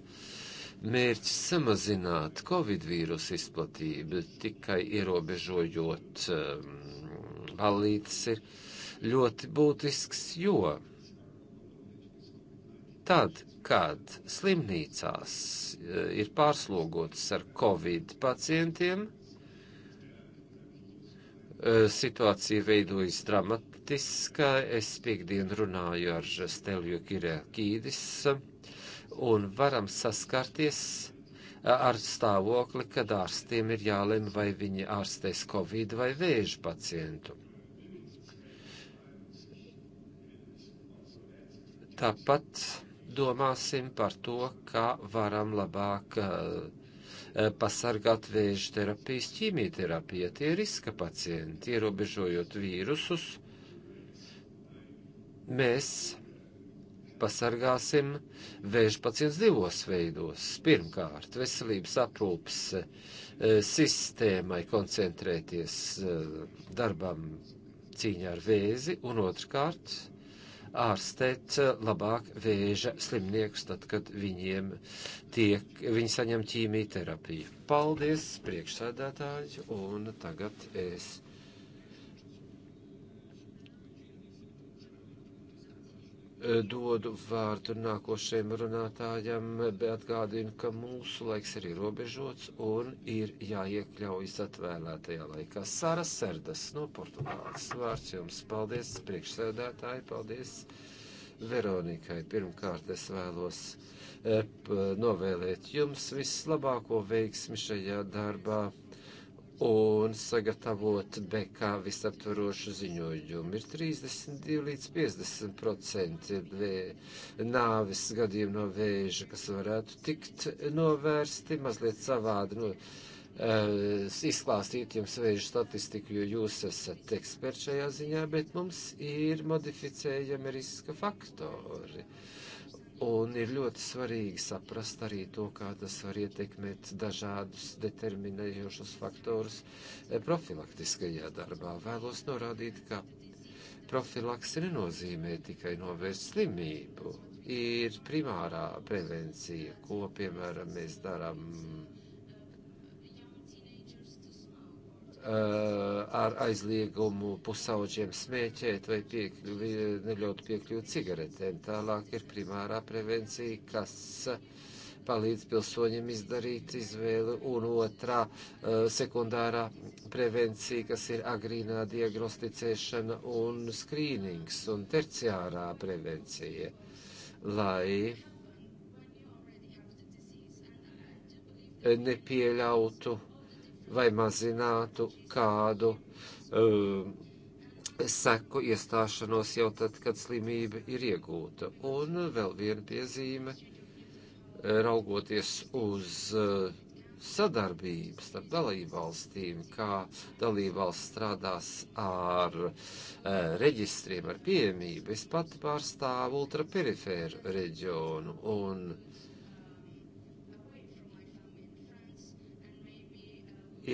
mērķis samazināt covid vīrusu izplatību tikai ierobežojot um, balītis ir ļoti būtisks, jo tad, kad slimnīcās e, ir pārslogotas ar covid pacientiem, e, situācija veidojas dramatiska. Es piekdien runāju ar Stelju Kirjakīdis un varam saskarties e, ar stāvokli, kad ārstiem ir jālem, vai viņi ārstēs covid vai vēža pacientu. Tāpat domāsim par to, kā varam labāk eh, eh, pasargāt vēža terapijas ķīmijterapija. Tie ir riska pacienti, ierobežojot vīrusus. Mēs pasargāsim vēža pacients divos veidos. Pirmkārt, veselības aprūpas e, eh, sistēmai koncentrēties e, darbam cīņā ar vēzi, un otrkārt, ārstēt eh, labāk vēža slimniekus, tad, kad viņiem tiek, viņi saņem ķīmijterapiju. Paldies, priekšsēdētāji, un tagad es dodu vārdu nākošajam runātājam, bet atgādinu, ka mūsu laiks ir ierobežots un ir jāiekļaujas atvēlētajā laikā. Sara Serdas no Portugāles vārds jums. Paldies, priekšsēdētāji, paldies Veronikai. Pirmkārt es vēlos ep, eh, novēlēt jums vislabāko veiksmi šajā darbā un sagatavot BK visaptvarošu ziņojumu. Ir 32 līdz 50 procenti nāvis gadījumu no vēža, kas varētu tikt novērsti mazliet savādi. No, nu, uh, eh, Izklāstīt jums vēža statistiku, jo jūs esat eksperts šajā ziņā, bet mums ir modificējami riska faktori. Uh, Un ir ļoti svarīgi saprast arī to, kā tas var ietekmēt dažādus determinējošus faktorus eh, profilaktiskajā darbā. Vēlos norādīt, ka profilaks nenozīmē tikai novērst slimību. Ir primārā prevencija, ko, piemēram, mēs darām Eh, ar aizliegumu pusauģiem smēķēt vai piekļuvi, neļaut piekļūt cigaretēm. Tālāk ir primārā prevencija, kas palīdz pilsoņiem izdarīt izvēli, un otrā eh, sekundārā prevencija, kas ir agrīnā diagnosticēšana un skrīnings, un terciārā prevencija, lai nepieļautu lai mazinātu kādu um, seku iestāšanos jau tad, kad slimība ir iegūta. Un vēl viena piezīme, raugoties uz uh, sadarbību starp dalībvalstīm, kā dalībvalsts strādās ar e, reģistriem, ar pieejamību. Es pati pārstāvu ultraperifēru reģionu, un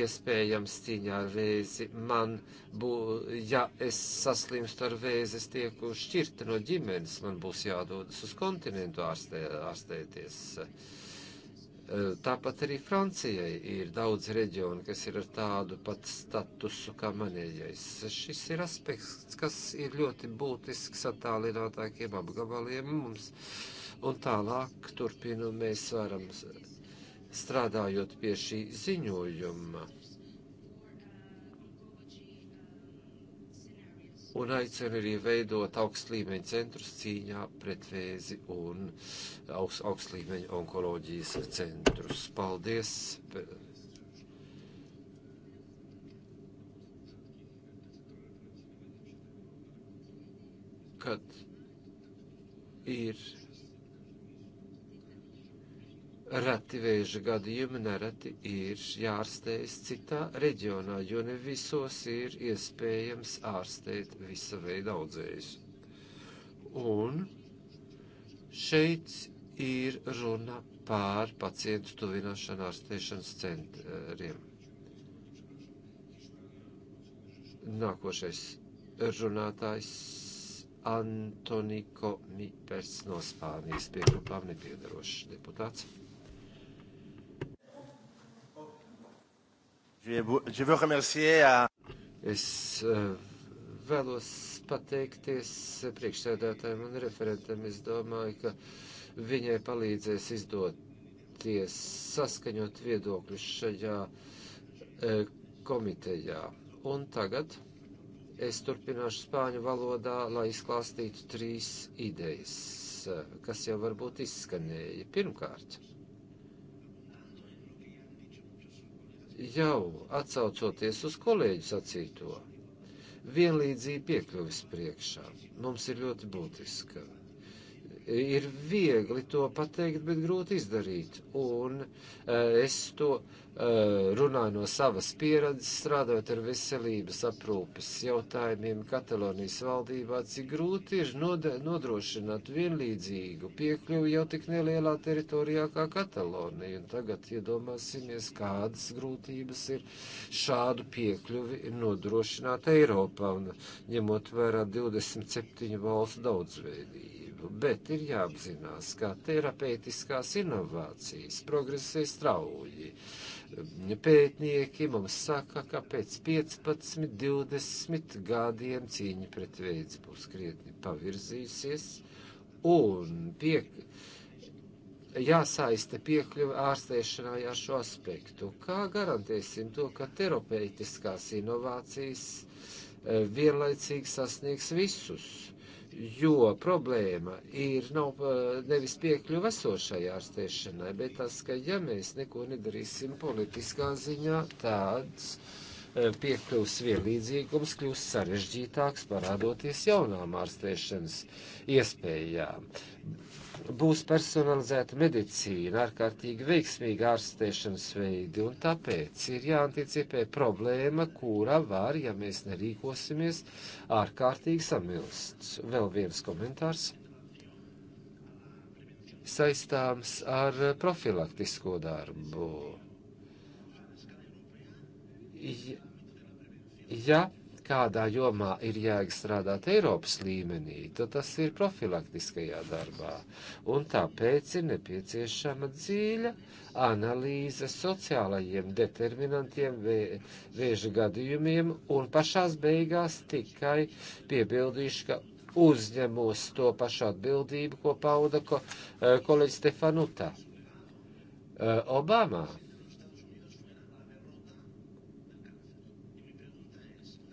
iespējams cīņā ar vēzi. Man, bū, ja es saslimstu ar vēzi, es tieku šķirta no ģimenes, man būs jādodas uz kontinentu ārstē, ārstēties. E, tāpat arī Francijai ir daudz reģionu, kas ir ar tādu pat statusu kā manējais. Šis ir aspekts, kas ir ļoti būtisks attālinātākiem apgabaliem mums. Un tālāk turpinu mēs varam strādājot pie šī ziņojuma. Un aicinu arī veidot augst līmeņa centrus cīņā pret vēzi un augst, augst līmeņa onkoloģijas centrus. Paldies! Kad ir reti vēža gadījumi nereti ir jārastējas citā reģionā, jo ne visos ir iespējams ārstēt visa veida audzējus. Un šeit ir runa pār pacientu tuvināšanu ārstēšanas centriem. Nākošais runātājs Antoniko Mipers no Spānijas pie grupām nepiedarošs deputāts. Es eh, vēlos pateikties priekšsēdētājiem un referentiem. Es domāju, ka viņai palīdzēs izdoties saskaņot viedokļus šajā eh, komitejā. Un tagad es turpināšu spāņu valodā, lai izklāstītu trīs idejas, eh, kas jau varbūt izskanēja. Pirmkārt. jau atsaucoties uz kolēģu sacīto, vienlīdzība piekļuvis priekšā mums ir ļoti būtiska ir viegli to pateikt, bet grūti izdarīt. Un eh, es to eh, runāju no savas pieredzes, strādājot ar veselības aprūpes jautājumiem Katalonijas valdībā, cik grūti ir nodrošināt vienlīdzīgu piekļuvu jau tik nelielā teritorijā kā Katalonija. Un tagad iedomāsimies, kādas grūtības ir šādu piekļuvi nodrošināt Eiropā un ņemot vērā 27 valstu daudzveidību valodu, bet ir jāapzinās, ka terapeitiskās inovācijas progresē strauji. Pētnieki mums saka, ka pēc 15, 20 gadiem cīņa pret veids būs krietni pavirzīsies un piek jāsaista piekļuve ārstēšanai ar šo aspektu. Kā garantēsim to, ka terapeitiskās inovācijas eh, vienlaicīgi sasniegs visus? jo problēma ir nav eh, nevis piekļuva esošai ārstēšanai, bet tas, ka ja mēs neko nedarīsim politiskā ziņā, tāds eh, piekļuvs vienlīdzīgums kļūs sarežģītāks, parādoties jaunām ārstēšanas iespējām būs personalizēta medicīna, ārkārtīgi veiksmīga ārstēšanas veidi, un tāpēc ir jāanticipē problēma, kura var, ja mēs nerīkosimies, ārkārtīgi samilst. Vēl viens komentārs saistāms ar profilaktisko darbu. Ja, ja kādā jomā ir jēga strādāt Eiropas līmenī, tad tas ir profilaktiskajā darbā. Un tāpēc ir nepieciešama dziļa analīze sociālajiem determinantiem vē, vēža gadījumiem, un pašās beigās tikai piebildīšu, ka uzņemos to pašu atbildību, ko pauda ko, eh, kolēģis Stefanuta. Eh, Obamā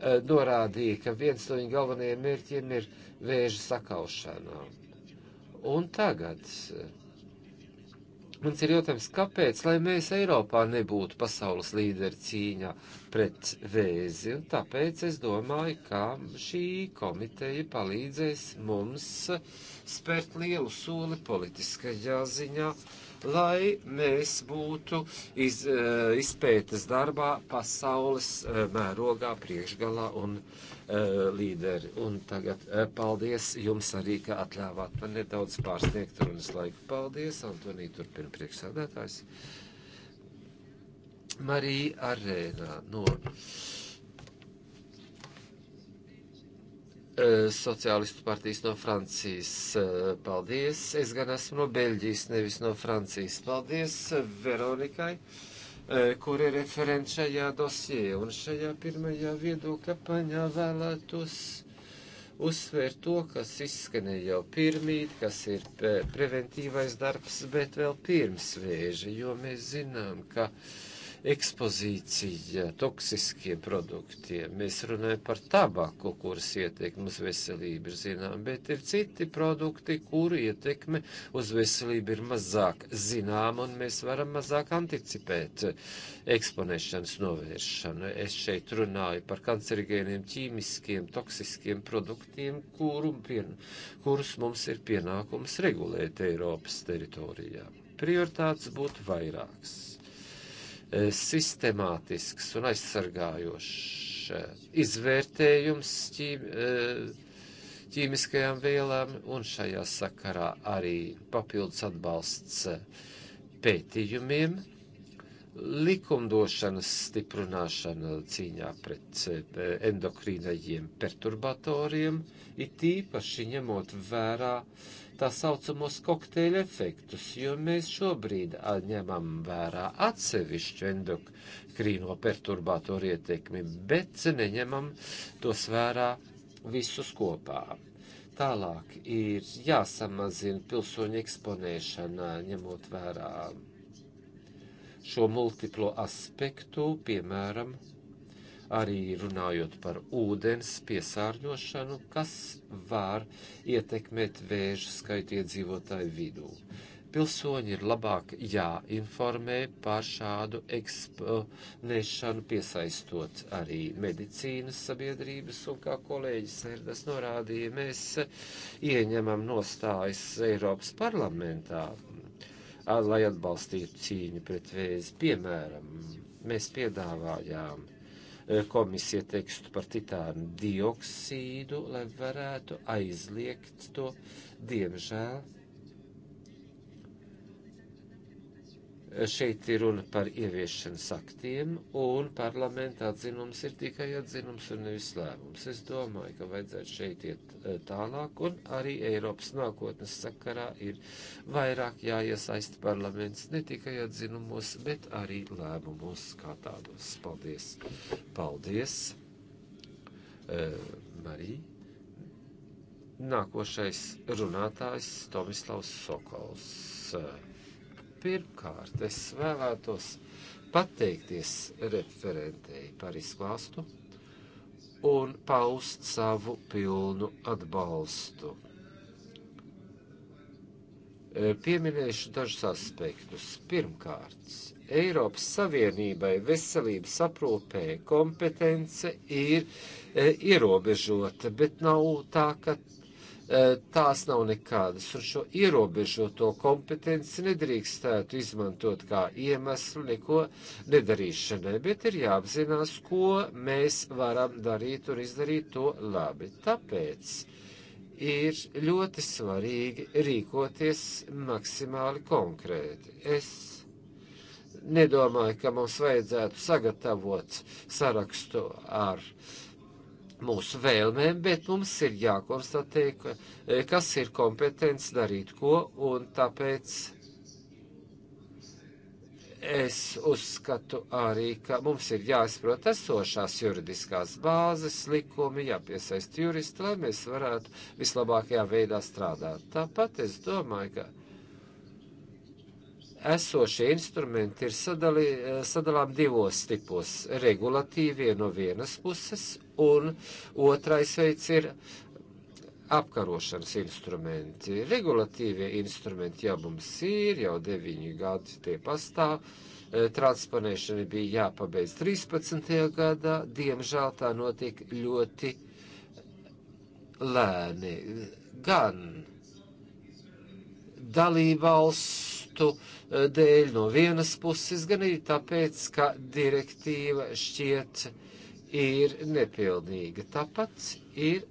Eh, norādīja, ka viens no viņa galvenajiem mērķiem ir vēža sakaušana. Un tagad eh, mans ir jautājums, kāpēc, lai mēs Eiropā nebūtu pasaules līderi cīņā pret vēzi? Un tāpēc es domāju, ka šī komiteja palīdzēs mums spērt lielu soli politiskajā ziņā. Uh, lai mēs būtu iz, eh, izpētes darbā pasaules eh, mērogā priekšgalā un eh, līderi. Un tagad paldies jums arī, ka atļāvāt man nedaudz pārsniegt runas laiku. Paldies, Antonī, turpina priekšsādātājs. Marija Arēnā no. Eh, sociālistu partijas no Francijas. Eh, paldies. Es gan esmu no Beļģijas, nevis no Francijas. Paldies eh, Veronikai, kur ir referents šajā dosjē. Un šajā pirmajā viedokļa paņā vēlētos uzsvērt to, kas izskanēja jau pirmīt, kas ir preventīvais darbs, bet vēl pirms vēža, jo mēs zinām, ka. Uh, ekspozīcija toksiskiem produktiem. Mēs runājam par tabaku, kuras ietekme uz veselību ir zinām, bet ir citi produkti, kuru ietekme uz veselību ir mazāk zinām, un mēs varam mazāk anticipēt eksponēšanas novēršanu. Es šeit runāju par kancerigēniem, ķīmiskiem, toksiskiem produktiem, kuru, pien, kurus mums ir pienākums regulēt Eiropas teritorijā. Prioritātes būtu vairākas. E, sistemātisks un aizsargājošs izvērtējums ķīm, e, ķīmiskajām vielām, un šajā sakarā arī papildus atbalsts pētījumiem, likumdošanas stiprināšana cīņā pret e, endokrīnajiem perturbatoriem, it īpaši ņemot vērā uh, tā saucamos kokteļa efektus, jo mēs šobrīd ņemam vērā atsevišķu endokrīno perturbātoru ietekmi, bet neņemam tos vērā visus kopā. Tālāk ir jāsamazina pilsoņu eksponēšana, ņemot vērā šo multiplo aspektu, piemēram, arī runājot par ūdens piesārņošanu, kas var ietekmēt vēža skaitu iedzīvotāju vidū. Pilsoņi ir labāk jāinformē par šādu eksponēšanu, piesaistot arī medicīnas sabiedrības, un kā kolēģis Erdas norādīja, mēs ieņemam nostājas Eiropas parlamentā, lai atbalstītu cīņu pret vēzi. Piemēram, mēs piedāvājām E, komisija tekstu par titānu dioksīdu, lai varētu aizliegt to. Diemžēl Šeit ir runa par ieviešanas aktiem, un parlamentā atzinums ir tikai atzinums un nevis lēmums. Es domāju, ka vajadzētu šeit iet eh, tālāk, un arī Eiropas nākotnes sakarā ir vairāk jāiesaista parlaments ne tikai atzinumos, bet arī lēmumos kā tādos. Paldies! Paldies! Uh, Marija! Nākošais runātājs Tomislavs Sokols. Uh, Pirmkārt, es vēlētos pateikties referentei par izklāstu un paust savu pilnu atbalstu. E, pieminēšu dažus aspektus. Pirmkārt, Eiropas Savienībai veselības aprūpē kompetence ir e, ierobežota, bet nav tā, ka Eh, tās nav nekādas, un šo ierobežoto kompetenci nedrīkstētu izmantot kā iemeslu neko nedarīšanai, bet ir jāapzinās, ko mēs varam darīt un izdarīt to labi. Tāpēc ir ļoti svarīgi rīkoties maksimāli konkrēti. Es nedomāju, ka mums vajadzētu sagatavot sarakstu ar uh, mūsu vēlmēm, bet mums ir jākonstatē, kas ir kompetents darīt ko, un tāpēc es uzskatu arī, ka mums ir jāizprot esošās juridiskās bāzes, likumi, jāpiesaist juristi, lai mēs varētu vislabākajā veidā strādāt. Tāpat es domāju, ka esošie instrumenti ir sadali, sadalām divos tipos - regulatīvie no vienas puses un otrais veids ir apkarošanas instrumenti. Regulatīvie instrumenti jau mums ir, jau deviņi gadi tie pastāv. E, transponēšana bija jāpabeidz 13. gadā, diemžēl tā notiek ļoti lēni. Gan dalībvalstu e, dēļ no vienas puses, gan arī tāpēc, ka direktīva šķiet uh, ir nepilnīga. Tāpat ir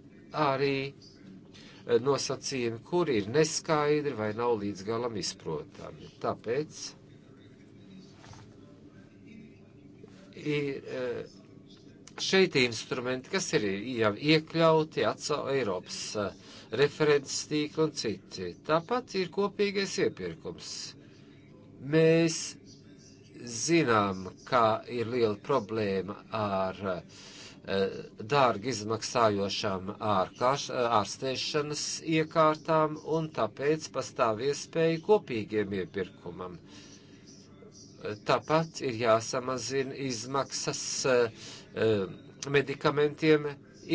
arī eh, nosacījumi, kuri ir neskaidri vai nav līdz galam izprotami. Tāpēc ir eh, šeit instrumenti, kas ir jau iekļauti atsau Eiropas eh, referents tīkli un citi. Tāpat ir kopīgais iepirkums. Mēs zinām, ka ir liela problēma ar eh, dārgi izmaksājošām ārkārš, ārstēšanas iekārtām, un tāpēc pastāv iespēja kopīgiem iepirkumam. Tāpat ir jāsamazina izmaksas eh, medikamentiem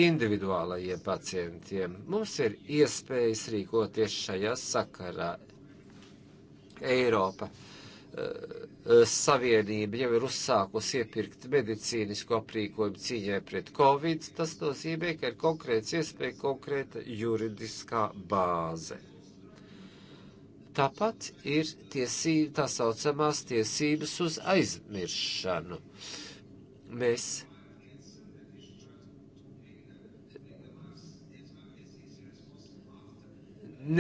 individuālajiem pacientiem. Mums ir iespējas rīkoties šajā sakarā. Eiropa Eh, eh, savienība jau ir uzsākusi iepirkt medicīnisko aprīkojumu cīņai pret covid, tas nozīmē, ka ir konkrēts iespēja, konkrēta juridiskā bāze. Tāpat ir tiesība, tā saucamās tiesības uz aizmiršanu. Mēs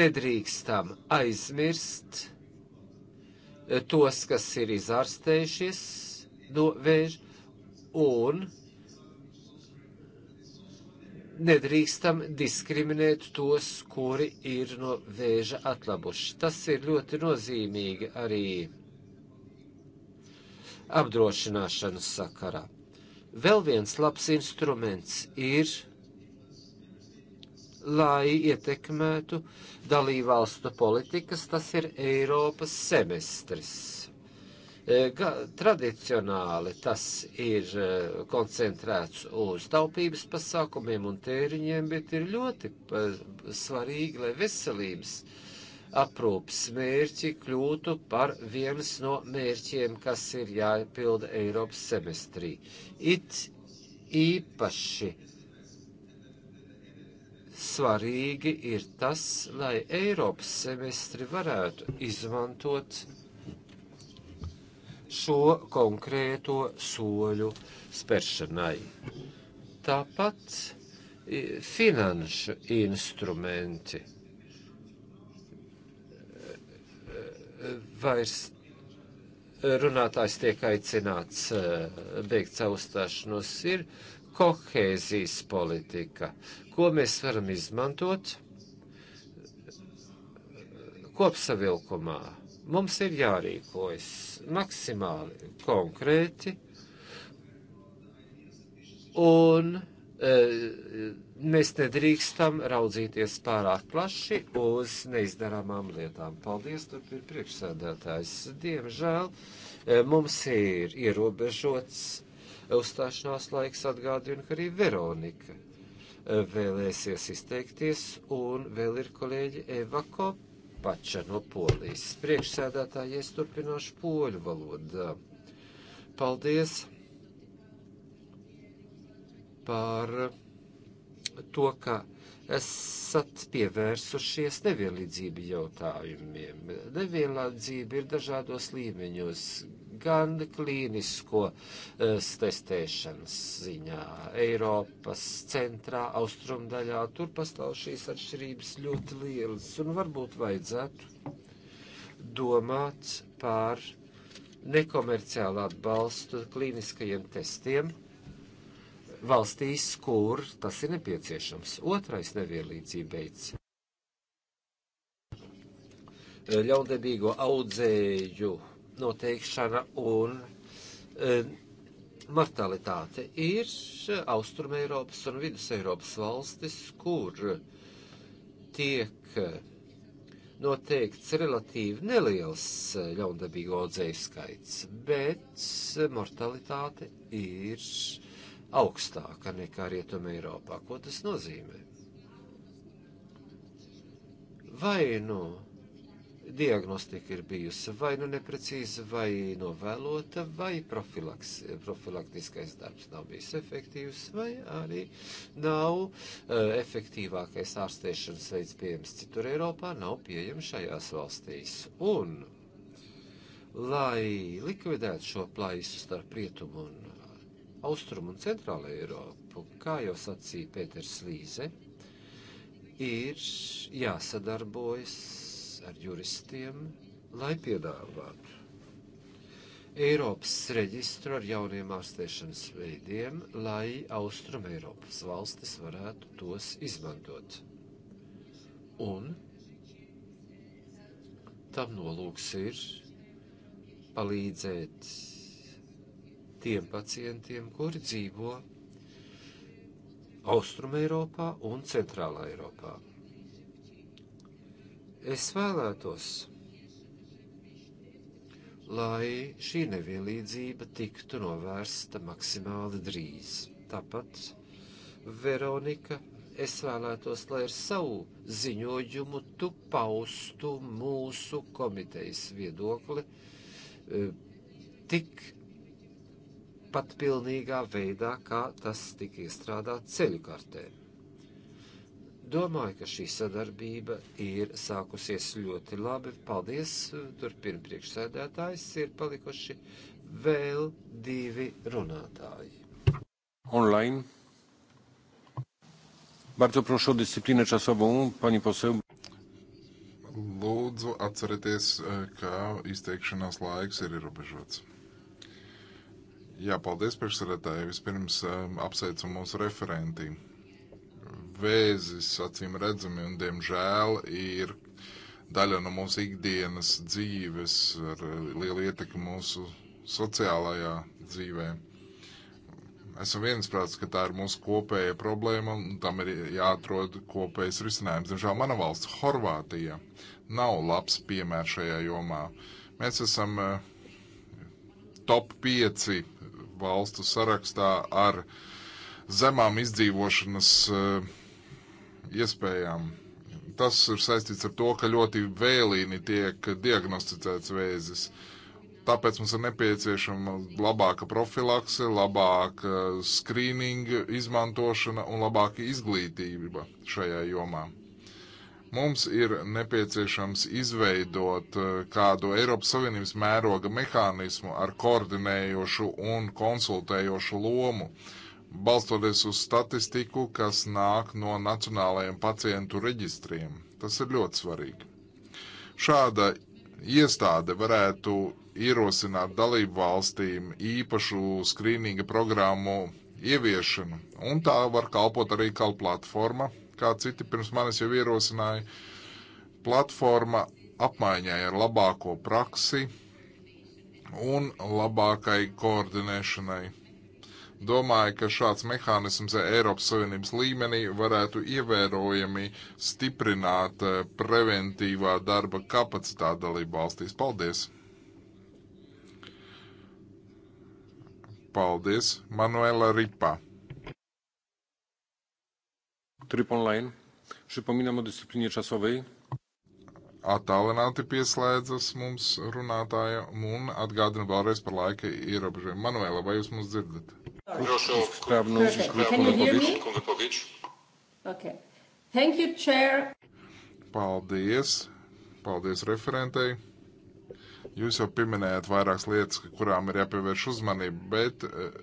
nedrīkstam aizmirst tos, kas ir izārstējušies no vēža, un nedrīkstam diskriminēt tos, kuri ir no vēža atlabuši. Tas ir ļoti nozīmīgi arī apdrošināšanas sakarā. Vēl viens labs instruments ir lai ietekmētu dalībvalstu politikas, tas ir Eiropas semestris. E, ga, tradicionāli tas ir e, koncentrēts uz taupības pasākumiem un tēriņiem, bet ir ļoti e, svarīgi, lai veselības aprūpas mērķi kļūtu par viens no mērķiem, kas ir jāpilda Eiropas semestrī. It īpaši svarīgi ir tas, lai Eiropas semestri varētu izmantot šo konkrēto soļu spēršanai. Tāpat finanšu instrumenti e, vairs e, runātājs tiek aicināts e, beigt savu stāšanos, ir kohēzijas politika, ko mēs varam izmantot kopsavilkumā. Mums ir jārīkojas maksimāli konkrēti un e, mēs nedrīkstam raudzīties pārāk plaši uz neizdarāmām lietām. Paldies, turpin priekšsēdētājs. Diemžēl e, mums ir ierobežots uzstāšanās laiks atgādina, ka arī Veronika eh, vēlēsies izteikties, un vēl ir kolēģi Eva Kopača no Polijas. Priekšsēdētāji, es turpināšu poļu valodā. Paldies par to, ka esat pievērsušies nevienlīdzību jautājumiem. Nevienlīdzība ir dažādos līmeņos gan klīnisko eh, testēšanas ziņā. Eiropas centrā, austrumdaļā, tur pastāv šīs atšķirības ļoti lielas un varbūt vajadzētu domāt par nekomerciālu atbalstu klīniskajiem testiem valstīs, kur tas ir nepieciešams. Otrais nevienlīdzība beidz. Eh, Ļaundabīgo audzēju noteikšana un eh, mortalitāte ir eh, Austrum Eiropas un Vidus Eiropas valstis, kur tiek eh, noteikts relatīvi neliels ļaundabīgo audzēju skaits, bet mortalitāte ir augstāka nekā Rietuma Eiropā. Ko tas nozīmē? Vai nu no diagnostika ir bijusi vai nu neprecīza, vai novēlota, vai profilaks, profilaktiskais darbs nav bijis efektīvs, vai arī nav uh, efektīvākais ārstēšanas veids pieejams citur Eiropā, nav pieejams šajās valstīs. Un, lai likvidētu šo plaisu starp rietumu un austrumu un centrālu Eiropu, kā jau sacīja Pēters Līze, ir jāsadarbojas ar juristiem, lai piedāvātu Eiropas reģistru ar jauniem ārstēšanas veidiem, lai Austrum Eiropas valstis varētu tos izmantot. Un tam nolūks ir palīdzēt tiem pacientiem, kuri dzīvo Austrum Eiropā un Centrālā Eiropā. Es vēlētos, lai šī nevienlīdzība tiktu novērsta maksimāli drīz. Tāpat Veronika es vēlētos, lai ar savu ziņojumu tu paustu mūsu komitejas viedokli e, tik pat pilnīgā veidā, kā tas tika iestrādāts ceļu kartēm. Domāju, ka šī sadarbība ir sākusies ļoti labi. Paldies, turpina priekšsēdētājs, ir palikuši vēl divi runātāji. Online. Bardzo proszę o dyscyplinę czasową, pani poseł. Lūdzu, atcerieties, ka izteikšanās laiks ir ierobežots. Jā, paldies priekšsēdētāji. Vispirms um, apsveicu mūsu referenti vēzis, acīm redzami, un diemžēl ir daļa no mūsu ikdienas dzīves ar eh, lielu ietekmi mūsu sociālajā dzīvē. Esam viensprāts, ka tā ir mūsu kopēja problēma, un tam ir jāatrod kopējs risinājums. Diemžēl mana valsts, Horvātija, nav labs piemērs šajā jomā. Mēs esam eh, top 5 valstu sarakstā ar zemām izdzīvošanas uh, iespējām. Tas ir saistīts ar to, ka ļoti vēlīni tiek diagnosticēts vēzis. Tāpēc mums ir nepieciešama labāka profilakse, labāka skrīninga izmantošana un labāka izglītība šajā jomā. Mums ir nepieciešams izveidot eh, kādu Eiropas Savienības mēroga mehānismu ar koordinējošu un konsultējošu lomu. Uh, balstoties uz statistiku, kas nāk no nacionālajiem pacientu reģistriem. Tas ir ļoti svarīgi. Šāda iestāde varētu ierosināt dalību valstīm īpašu skrīninga programmu ieviešanu, un tā var kalpot arī kā platforma, kā citi pirms manis jau ierosināja, platforma apmaiņai ar labāko praksi un labākai koordinēšanai Domāju, ka šāds mehānisms Eiropas Savienības līmenī varētu ievērojami stiprināt eh, preventīvā darba kapacitāti dalību valstīs. Paldies! Paldies, Manuela Ripa. Tryb online. Przypominam o dyscyplinie czasowej. Attālināti pieslēdzas mums runātāja un atgādina vēlreiz par laika ierobežojumu. Manuela, vai jūs mūs dzirdat? Proszę o sprawną wypowiedź. Okay. Thank you, Chair. Paldies. Paldies referentei. Jūs jau pieminējāt vairākas lietas, kurām ir jāpievērš uzmanība, bet eh,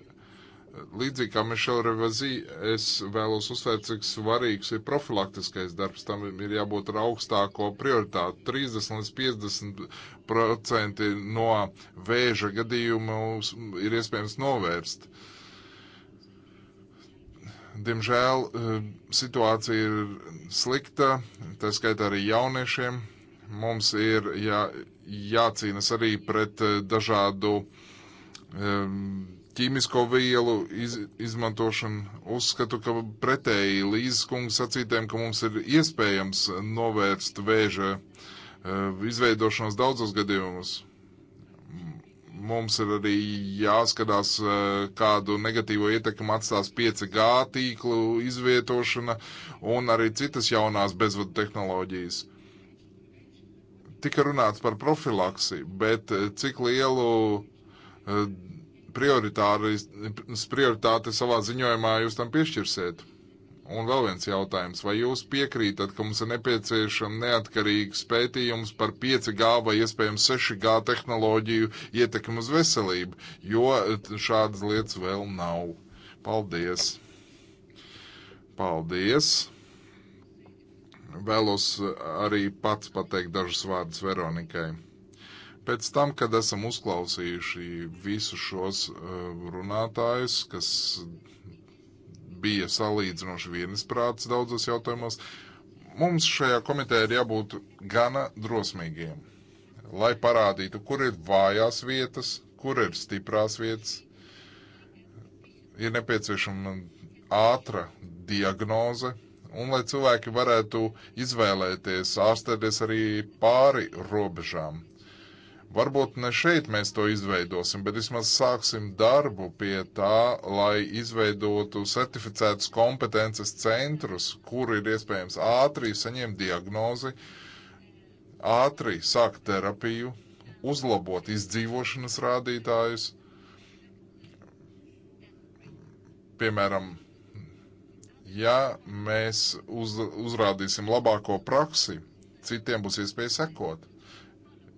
līdzīgi kā Mišela Revazī, es vēlos uzsvērt, cik svarīgs ir profilaktiskais darbs. Tam ir jābūt ar augstāko prioritāti. 30 līdz 50 procenti no vēža gadījumu ir iespējams novērst. Uh, Diemžēl e, situācija ir slikta, tā skaitā arī jauniešiem. Mums ir jā, jācīnas arī pret e, dažādu e, ķīmisko vielu iz, izmantošanu. Uzskatu, ka pretēji Līzes kungas sacītēm, ka mums ir iespējams novērst vēža izveidošanos daudzos gadījumos mums ir arī jāskatās, eh, kādu negatīvo ietekmi atstās 5G tīklu izvietošana un arī citas jaunās bezvadu tehnoloģijas. Tika runāts par profilaksi, bet eh, cik lielu eh, prioritātes savā ziņojumā jūs tam piešķirsiet? Un vēl viens jautājums. Vai jūs piekrītat, ka mums ir nepieciešama neatkarīgs pētījums par 5G vai iespējams 6G tehnoloģiju ietekmi uz veselību, jo šādas lietas vēl nav? Paldies! Paldies! Vēlos arī pats pateikt dažus vārdus Veronikai pēc tam, kad esam uzklausījuši visus šos eh, runātājus, kas bija salīdzinoši vienisprāts daudzos jautājumos. Mums šajā komitē ir jābūt gana drosmīgiem, lai parādītu, kur ir vājās vietas, kur ir stiprās vietas. Ir nepieciešama ātra diagnoze, un lai cilvēki varētu izvēlēties ārstēties arī pāri robežām. Varbūt ne šeit mēs to izveidosim, bet vismaz sāksim darbu pie tā, lai izveidotu certificētus kompetences centrus, kur ir iespējams ātri saņemt diagnozi, ātri sākt terapiju, uzlabot izdzīvošanas rādītājus. Piemēram, ja mēs uz, uzrādīsim labāko praksi, citiem būs iespēja sekot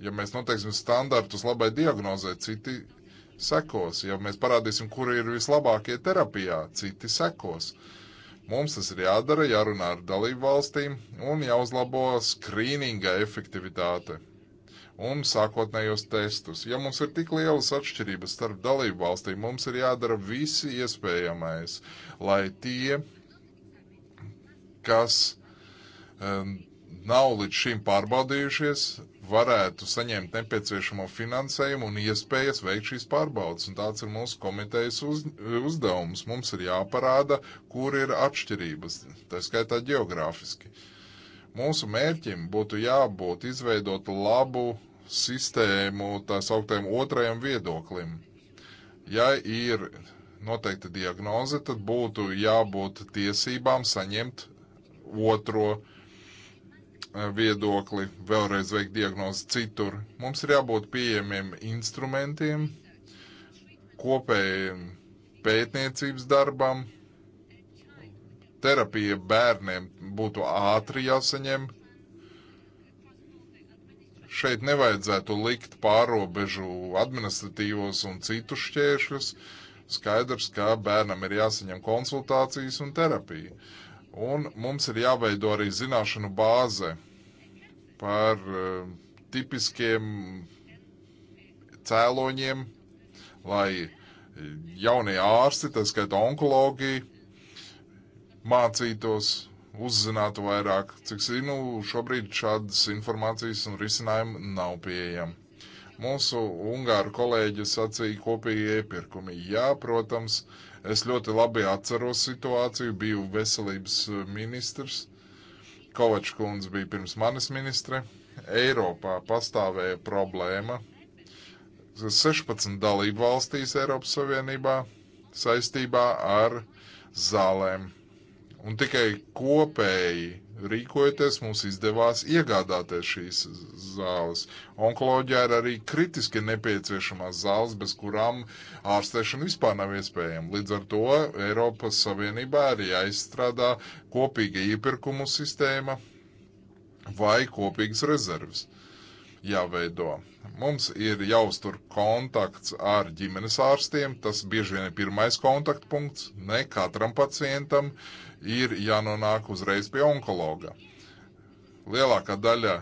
Ja mēs noteiksim standartus labai diagnozē, citi sekos. Ja mēs parādīsim, kuri ir vislabākie terapijā, citi sekos. Mums tas ir jādara, jārunā ar dalību valstīm un jāuzlabo skrīninga efektivitāte un sākotnējos testus. Ja mums ir tik lielas atšķirības starp dalību valstīm, mums ir jādara visi iespējamais, lai tie, kas um, nav līdz šim pārbaudījušies, varētu saņemt nepieciešamo finansējumu un iespējas veikt šīs pārbaudas. Un tāds ir mūsu komitejas uz, uzdevums. Mums ir jāparāda, kur ir atšķirības, tā skaitā geogrāfiski. Mūsu mērķim būtu jābūt izveidot labu sistēmu tā sauktējiem otrajam viedoklim. Ja ir noteikta diagnoze, tad būtu jābūt tiesībām saņemt otro viedokli Eh, viedokli, vēlreiz veikt diagnozi citur. Mums ir jābūt pieejamiem instrumentiem, kopējiem pētniecības darbam, terapija bērniem būtu ātri jāsaņem. Šeit nevajadzētu likt pārobežu administratīvos un citu šķēršļus. Skaidrs, ka bērnam ir jāsaņem konsultācijas un terapija. Uh, Un mums ir jāveido arī zināšanu bāze par uh, tipiskiem cēloņiem, lai jaunie ārsti, tā skaitā onkologi, mācītos, uzzinātu vairāk. Cik zinu, šobrīd šādas informācijas un risinājumu nav pieejama. Mūsu ungāru kolēģi sacīja kopīgi iepirkumi. Jā, protams, uh, Es ļoti labi atceros situāciju, biju veselības eh, ministrs, Kovačs kundze bija pirms manis ministre. Eiropā pastāvēja problēma 16 dalību valstīs Eiropas Savienībā saistībā ar zālēm. Un tikai kopēji rīkojoties, mums izdevās iegādāties šīs zāles. Onkoloģijā ir arī kritiski nepieciešamās zāles, bez kurām ārstēšana vispār nav iespējama. Līdz ar to Eiropas Savienībā ir jāizstrādā kopīga iepirkumu sistēma vai kopīgas rezerves jāveido. Mums ir jāuztur kontakts ar ģimenes ārstiem, tas bieži vien ir pirmais kontaktpunkts, ne katram pacientam. Uh, ir jānonāk uzreiz pie onkologa. Lielākā daļa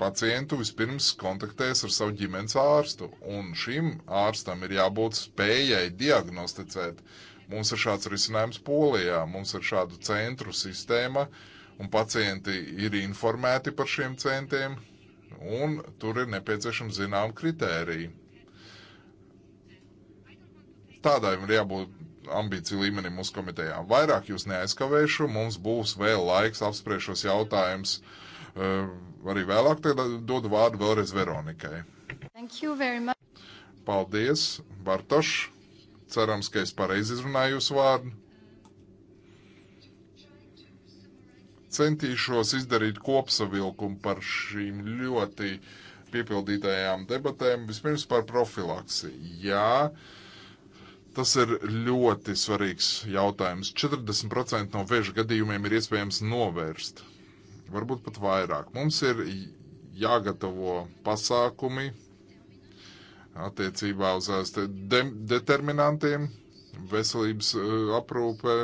pacientu vispirms kontaktēs ar savu ģimenes ārstu, un šim ārstam ir jābūt spējai diagnosticēt. Mums ir šāds risinājums Polijā, mums ir šādu centru sistēma, un pacienti ir informēti par šiem centiem, un tur ir nepieciešams zinām kritēriju. Tādām ir jābūt ambīciju līmeni mūsu komitejā. Vairāk jūs neaizkavēšu, mums būs vēl laiks apspriešos jautājums uh, arī vēlāk. Tagad dodu vārdu vēlreiz Veronikai. Paldies, Bartoš. Cerams, ka es pareizi izrunāju jūsu vārdu. Centīšos izdarīt kopsavilkumu par šīm ļoti piepildītajām debatēm. Vispirms par profilaksi. Jā. Ja Tas ir ļoti svarīgs jautājums. 40% no vēža gadījumiem ir iespējams novērst, varbūt pat vairāk. Mums ir jāgatavo pasākumi attiecībā uz de determinantiem, veselības aprūpē.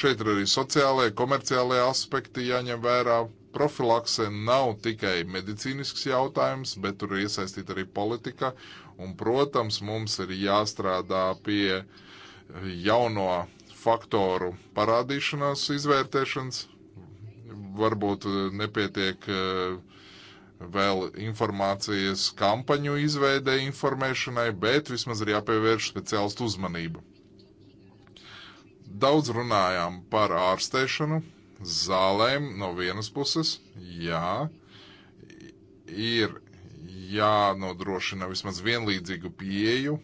Šeit ir arī sociālajie, komerciālajie aspekti jāņem vērā. Profilakse nav tikai medicīnisks jautājums, bet tur ir iesaistīta arī politika Un, protams, mums ir jāstrādā pie jauno faktoru parādīšanās izvērtēšanas. Varbūt eh, nepietiek eh, vēl informācijas kampaņu izveidē informēšanai, bet vismaz ir jāpievērš speciālistu uzmanību. Daudz runājām par ārstēšanu, zālēm no vienas puses, jā, ir jānodrošina vismaz vienlīdzīgu pieeju,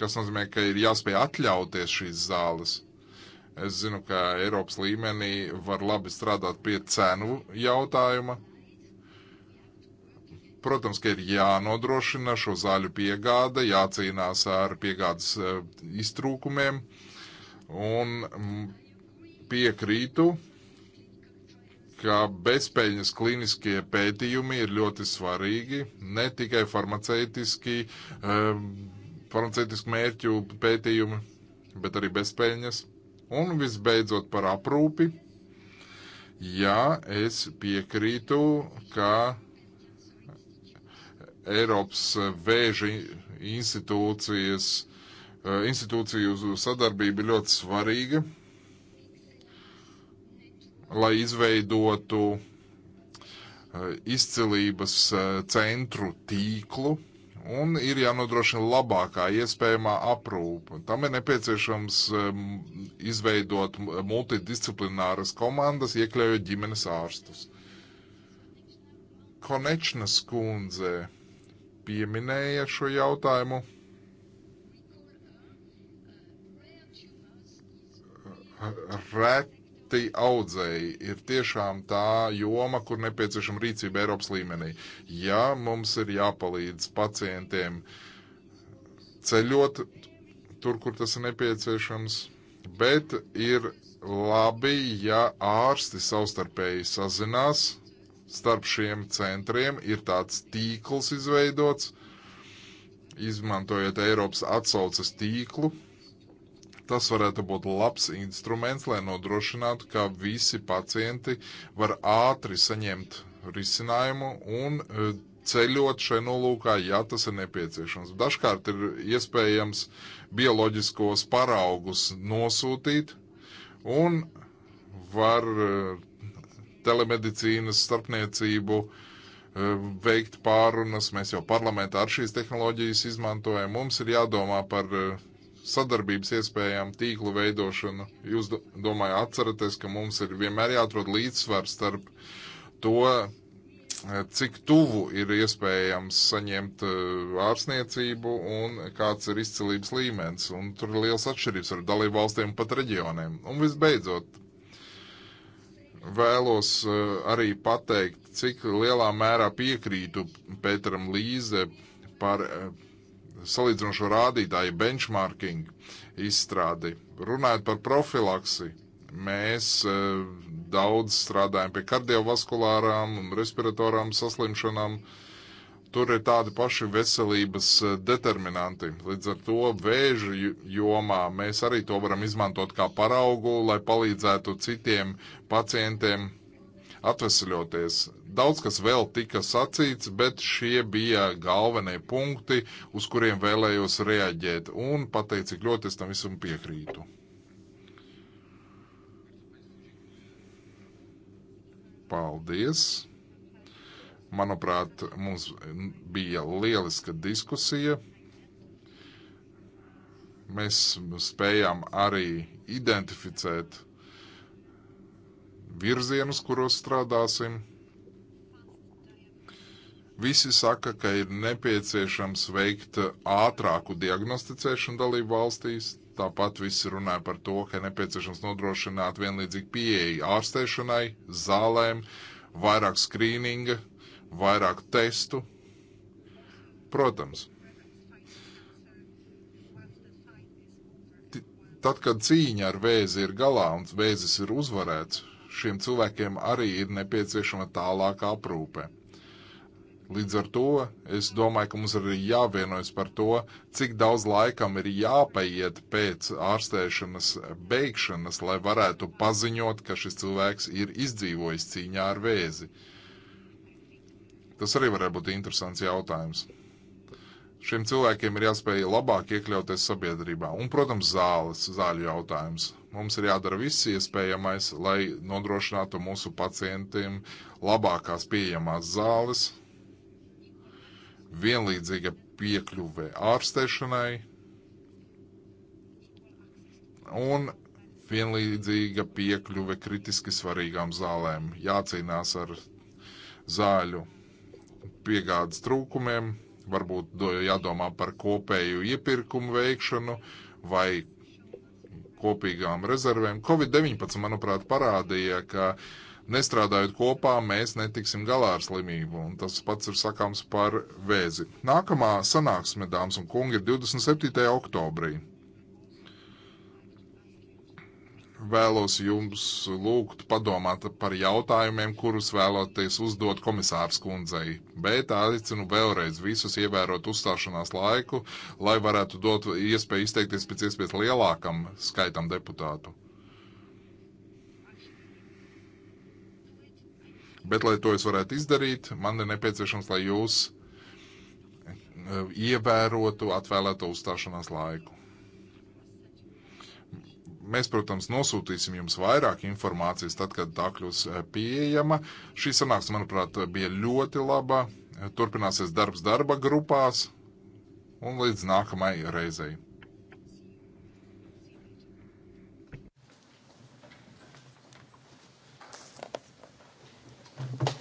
kas nozīmē, ka ir jāspēj atļauties šīs zāles. Es zinu, ka Eiropas līmenī var labi strādāt pie cenu jautājuma. Protams, ka ir jānodrošina šo zāļu piegāde, jācīnās ar piegādes eh, iztrūkumiem. Un mm, piekrītu ka bezpēļņas klīniskie pētījumi ir ļoti svarīgi, ne tikai farmaceitiski, um, farmaceitisku mērķu pētījumi, bet arī bezpēļņas. Un visbeidzot par aprūpi. Jā, es piekrītu, ka Eiropas vēža institūcijas, eh, institūciju sadarbība ļoti svarīga lai izveidotu eh, izcilības eh, centru tīklu un ir jānodrošina labākā iespējamā aprūpe. Tam ir nepieciešams eh, izveidot multidisciplināras komandas, iekļaujot ģimenes ārstus. Konečnas kundze pieminēja šo jautājumu. Ret ļoti audzēji ir tiešām tā joma, kur nepieciešama rīcība Eiropas līmenī. Ja mums ir jāpalīdz pacientiem ceļot tur, kur tas ir nepieciešams, bet ir labi, ja ārsti savstarpēji sazinās starp šiem centriem, ir tāds tīkls izveidots, izmantojot Eiropas atsauces tīklu Tas varētu būt labs instruments, lai nodrošinātu, ka visi pacienti var ātri saņemt risinājumu un e, ceļot šai nolūkā, ja tas ir nepieciešams. Dažkārt ir iespējams bioloģiskos paraugus nosūtīt un var e, telemedicīnas starpniecību uh, veikt pārunas. Mēs jau parlamentā ar šīs tehnoloģijas izmantojam. Mums ir jādomā par sadarbības iespējām, tīklu veidošanu. Jūs domāju, atceraties, ka mums ir vienmēr jāatrod līdzsvars starp to, e, cik tuvu ir iespējams saņemt e, ārstniecību un kāds ir izcilības līmenis. Un tur ir liels atšķirības ar dalību valstīm un pat reģioniem. Un visbeidzot, vēlos e, arī pateikt, cik lielā mērā piekrītu Pēteram Līze par salīdzinošo rādītāju benchmarking izstrādi. Runājot par profilaksi, mēs e, daudz strādājam pie kardiovaskulārām un respiratorām saslimšanām. Tur ir tādi paši veselības e, determinanti. Līdz ar to vēža jomā mēs arī to varam izmantot kā paraugu, lai palīdzētu citiem pacientiem atvesaļoties. Daudz kas vēl tika sacīts, bet šie bija galvenie punkti, uz kuriem vēlējos reaģēt, un pateicu, cik ļoti es tam visam piekrītu. Paldies! Manuprāt, mums bija lieliska diskusija mēs spējām arī identificēt virzienus, kuros strādāsim. Visi saka, ka ir nepieciešams veikt ātrāku diagnosticēšanu dalību valstīs. Tāpat visi runā par to, ka nepieciešams nodrošināt vienlīdzīgu pieeju ārstēšanai, zālēm, vairāk skrīninga, vairāk testu. Protams, tad, kad cīņa ar vēzi ir galā un vēzis ir uzvarēts, šiem cilvēkiem arī ir nepieciešama tālāka aprūpe. Līdz ar to es domāju, ka mums arī jāvienojas par to, cik daudz laikam ir jāpaiet pēc ārstēšanas beigšanas, lai varētu paziņot, ka šis cilvēks ir izdzīvojis cīņā ar vēzi. Tas arī varētu būt interesants jautājums. Šiem cilvēkiem ir jāspēj labāk iekļauties sabiedrībā. Un, protams, zāles, zāļu jautājums. Mums ir jādara viss iespējamais, lai nodrošinātu mūsu pacientiem labākās pieejamās zāles, vienlīdzīga piekļuve ārstēšanai un vienlīdzīga piekļuve kritiski svarīgām zālēm. Jācīnās ar zāļu piegādes trūkumiem, varbūt jādomā par kopēju iepirkumu veikšanu vai kopīgām rezervēm. Covid-19, manuprāt, parādīja, ka nestrādājot kopā, mēs netiksim galā ar slimību, un tas pats ir sakāms par vēzi. Nākamā sanāksme, dāmas un kungi, ir 27. oktobrī. vēlos jums lūgt padomāt par jautājumiem, kurus vēlaties uzdot komisārs kundzei. Bet aicinu vēlreiz visus ievērot uzstāšanās laiku, lai varētu dot iespēju izteikties pēc iespējas lielākam skaitam deputātu. Bet, lai to es varētu izdarīt, man ir nepieciešams, lai jūs eh, ievērotu atvēlēto uzstāšanās laiku. Mēs, protams, nosūtīsim jums vairāk informācijas tad, kad tā kļūs eh, pieejama. Šī sanāksme, manuprāt, bija ļoti laba. Turpināsies darbs darba grupās un līdz nākamajai reizei. Thank you.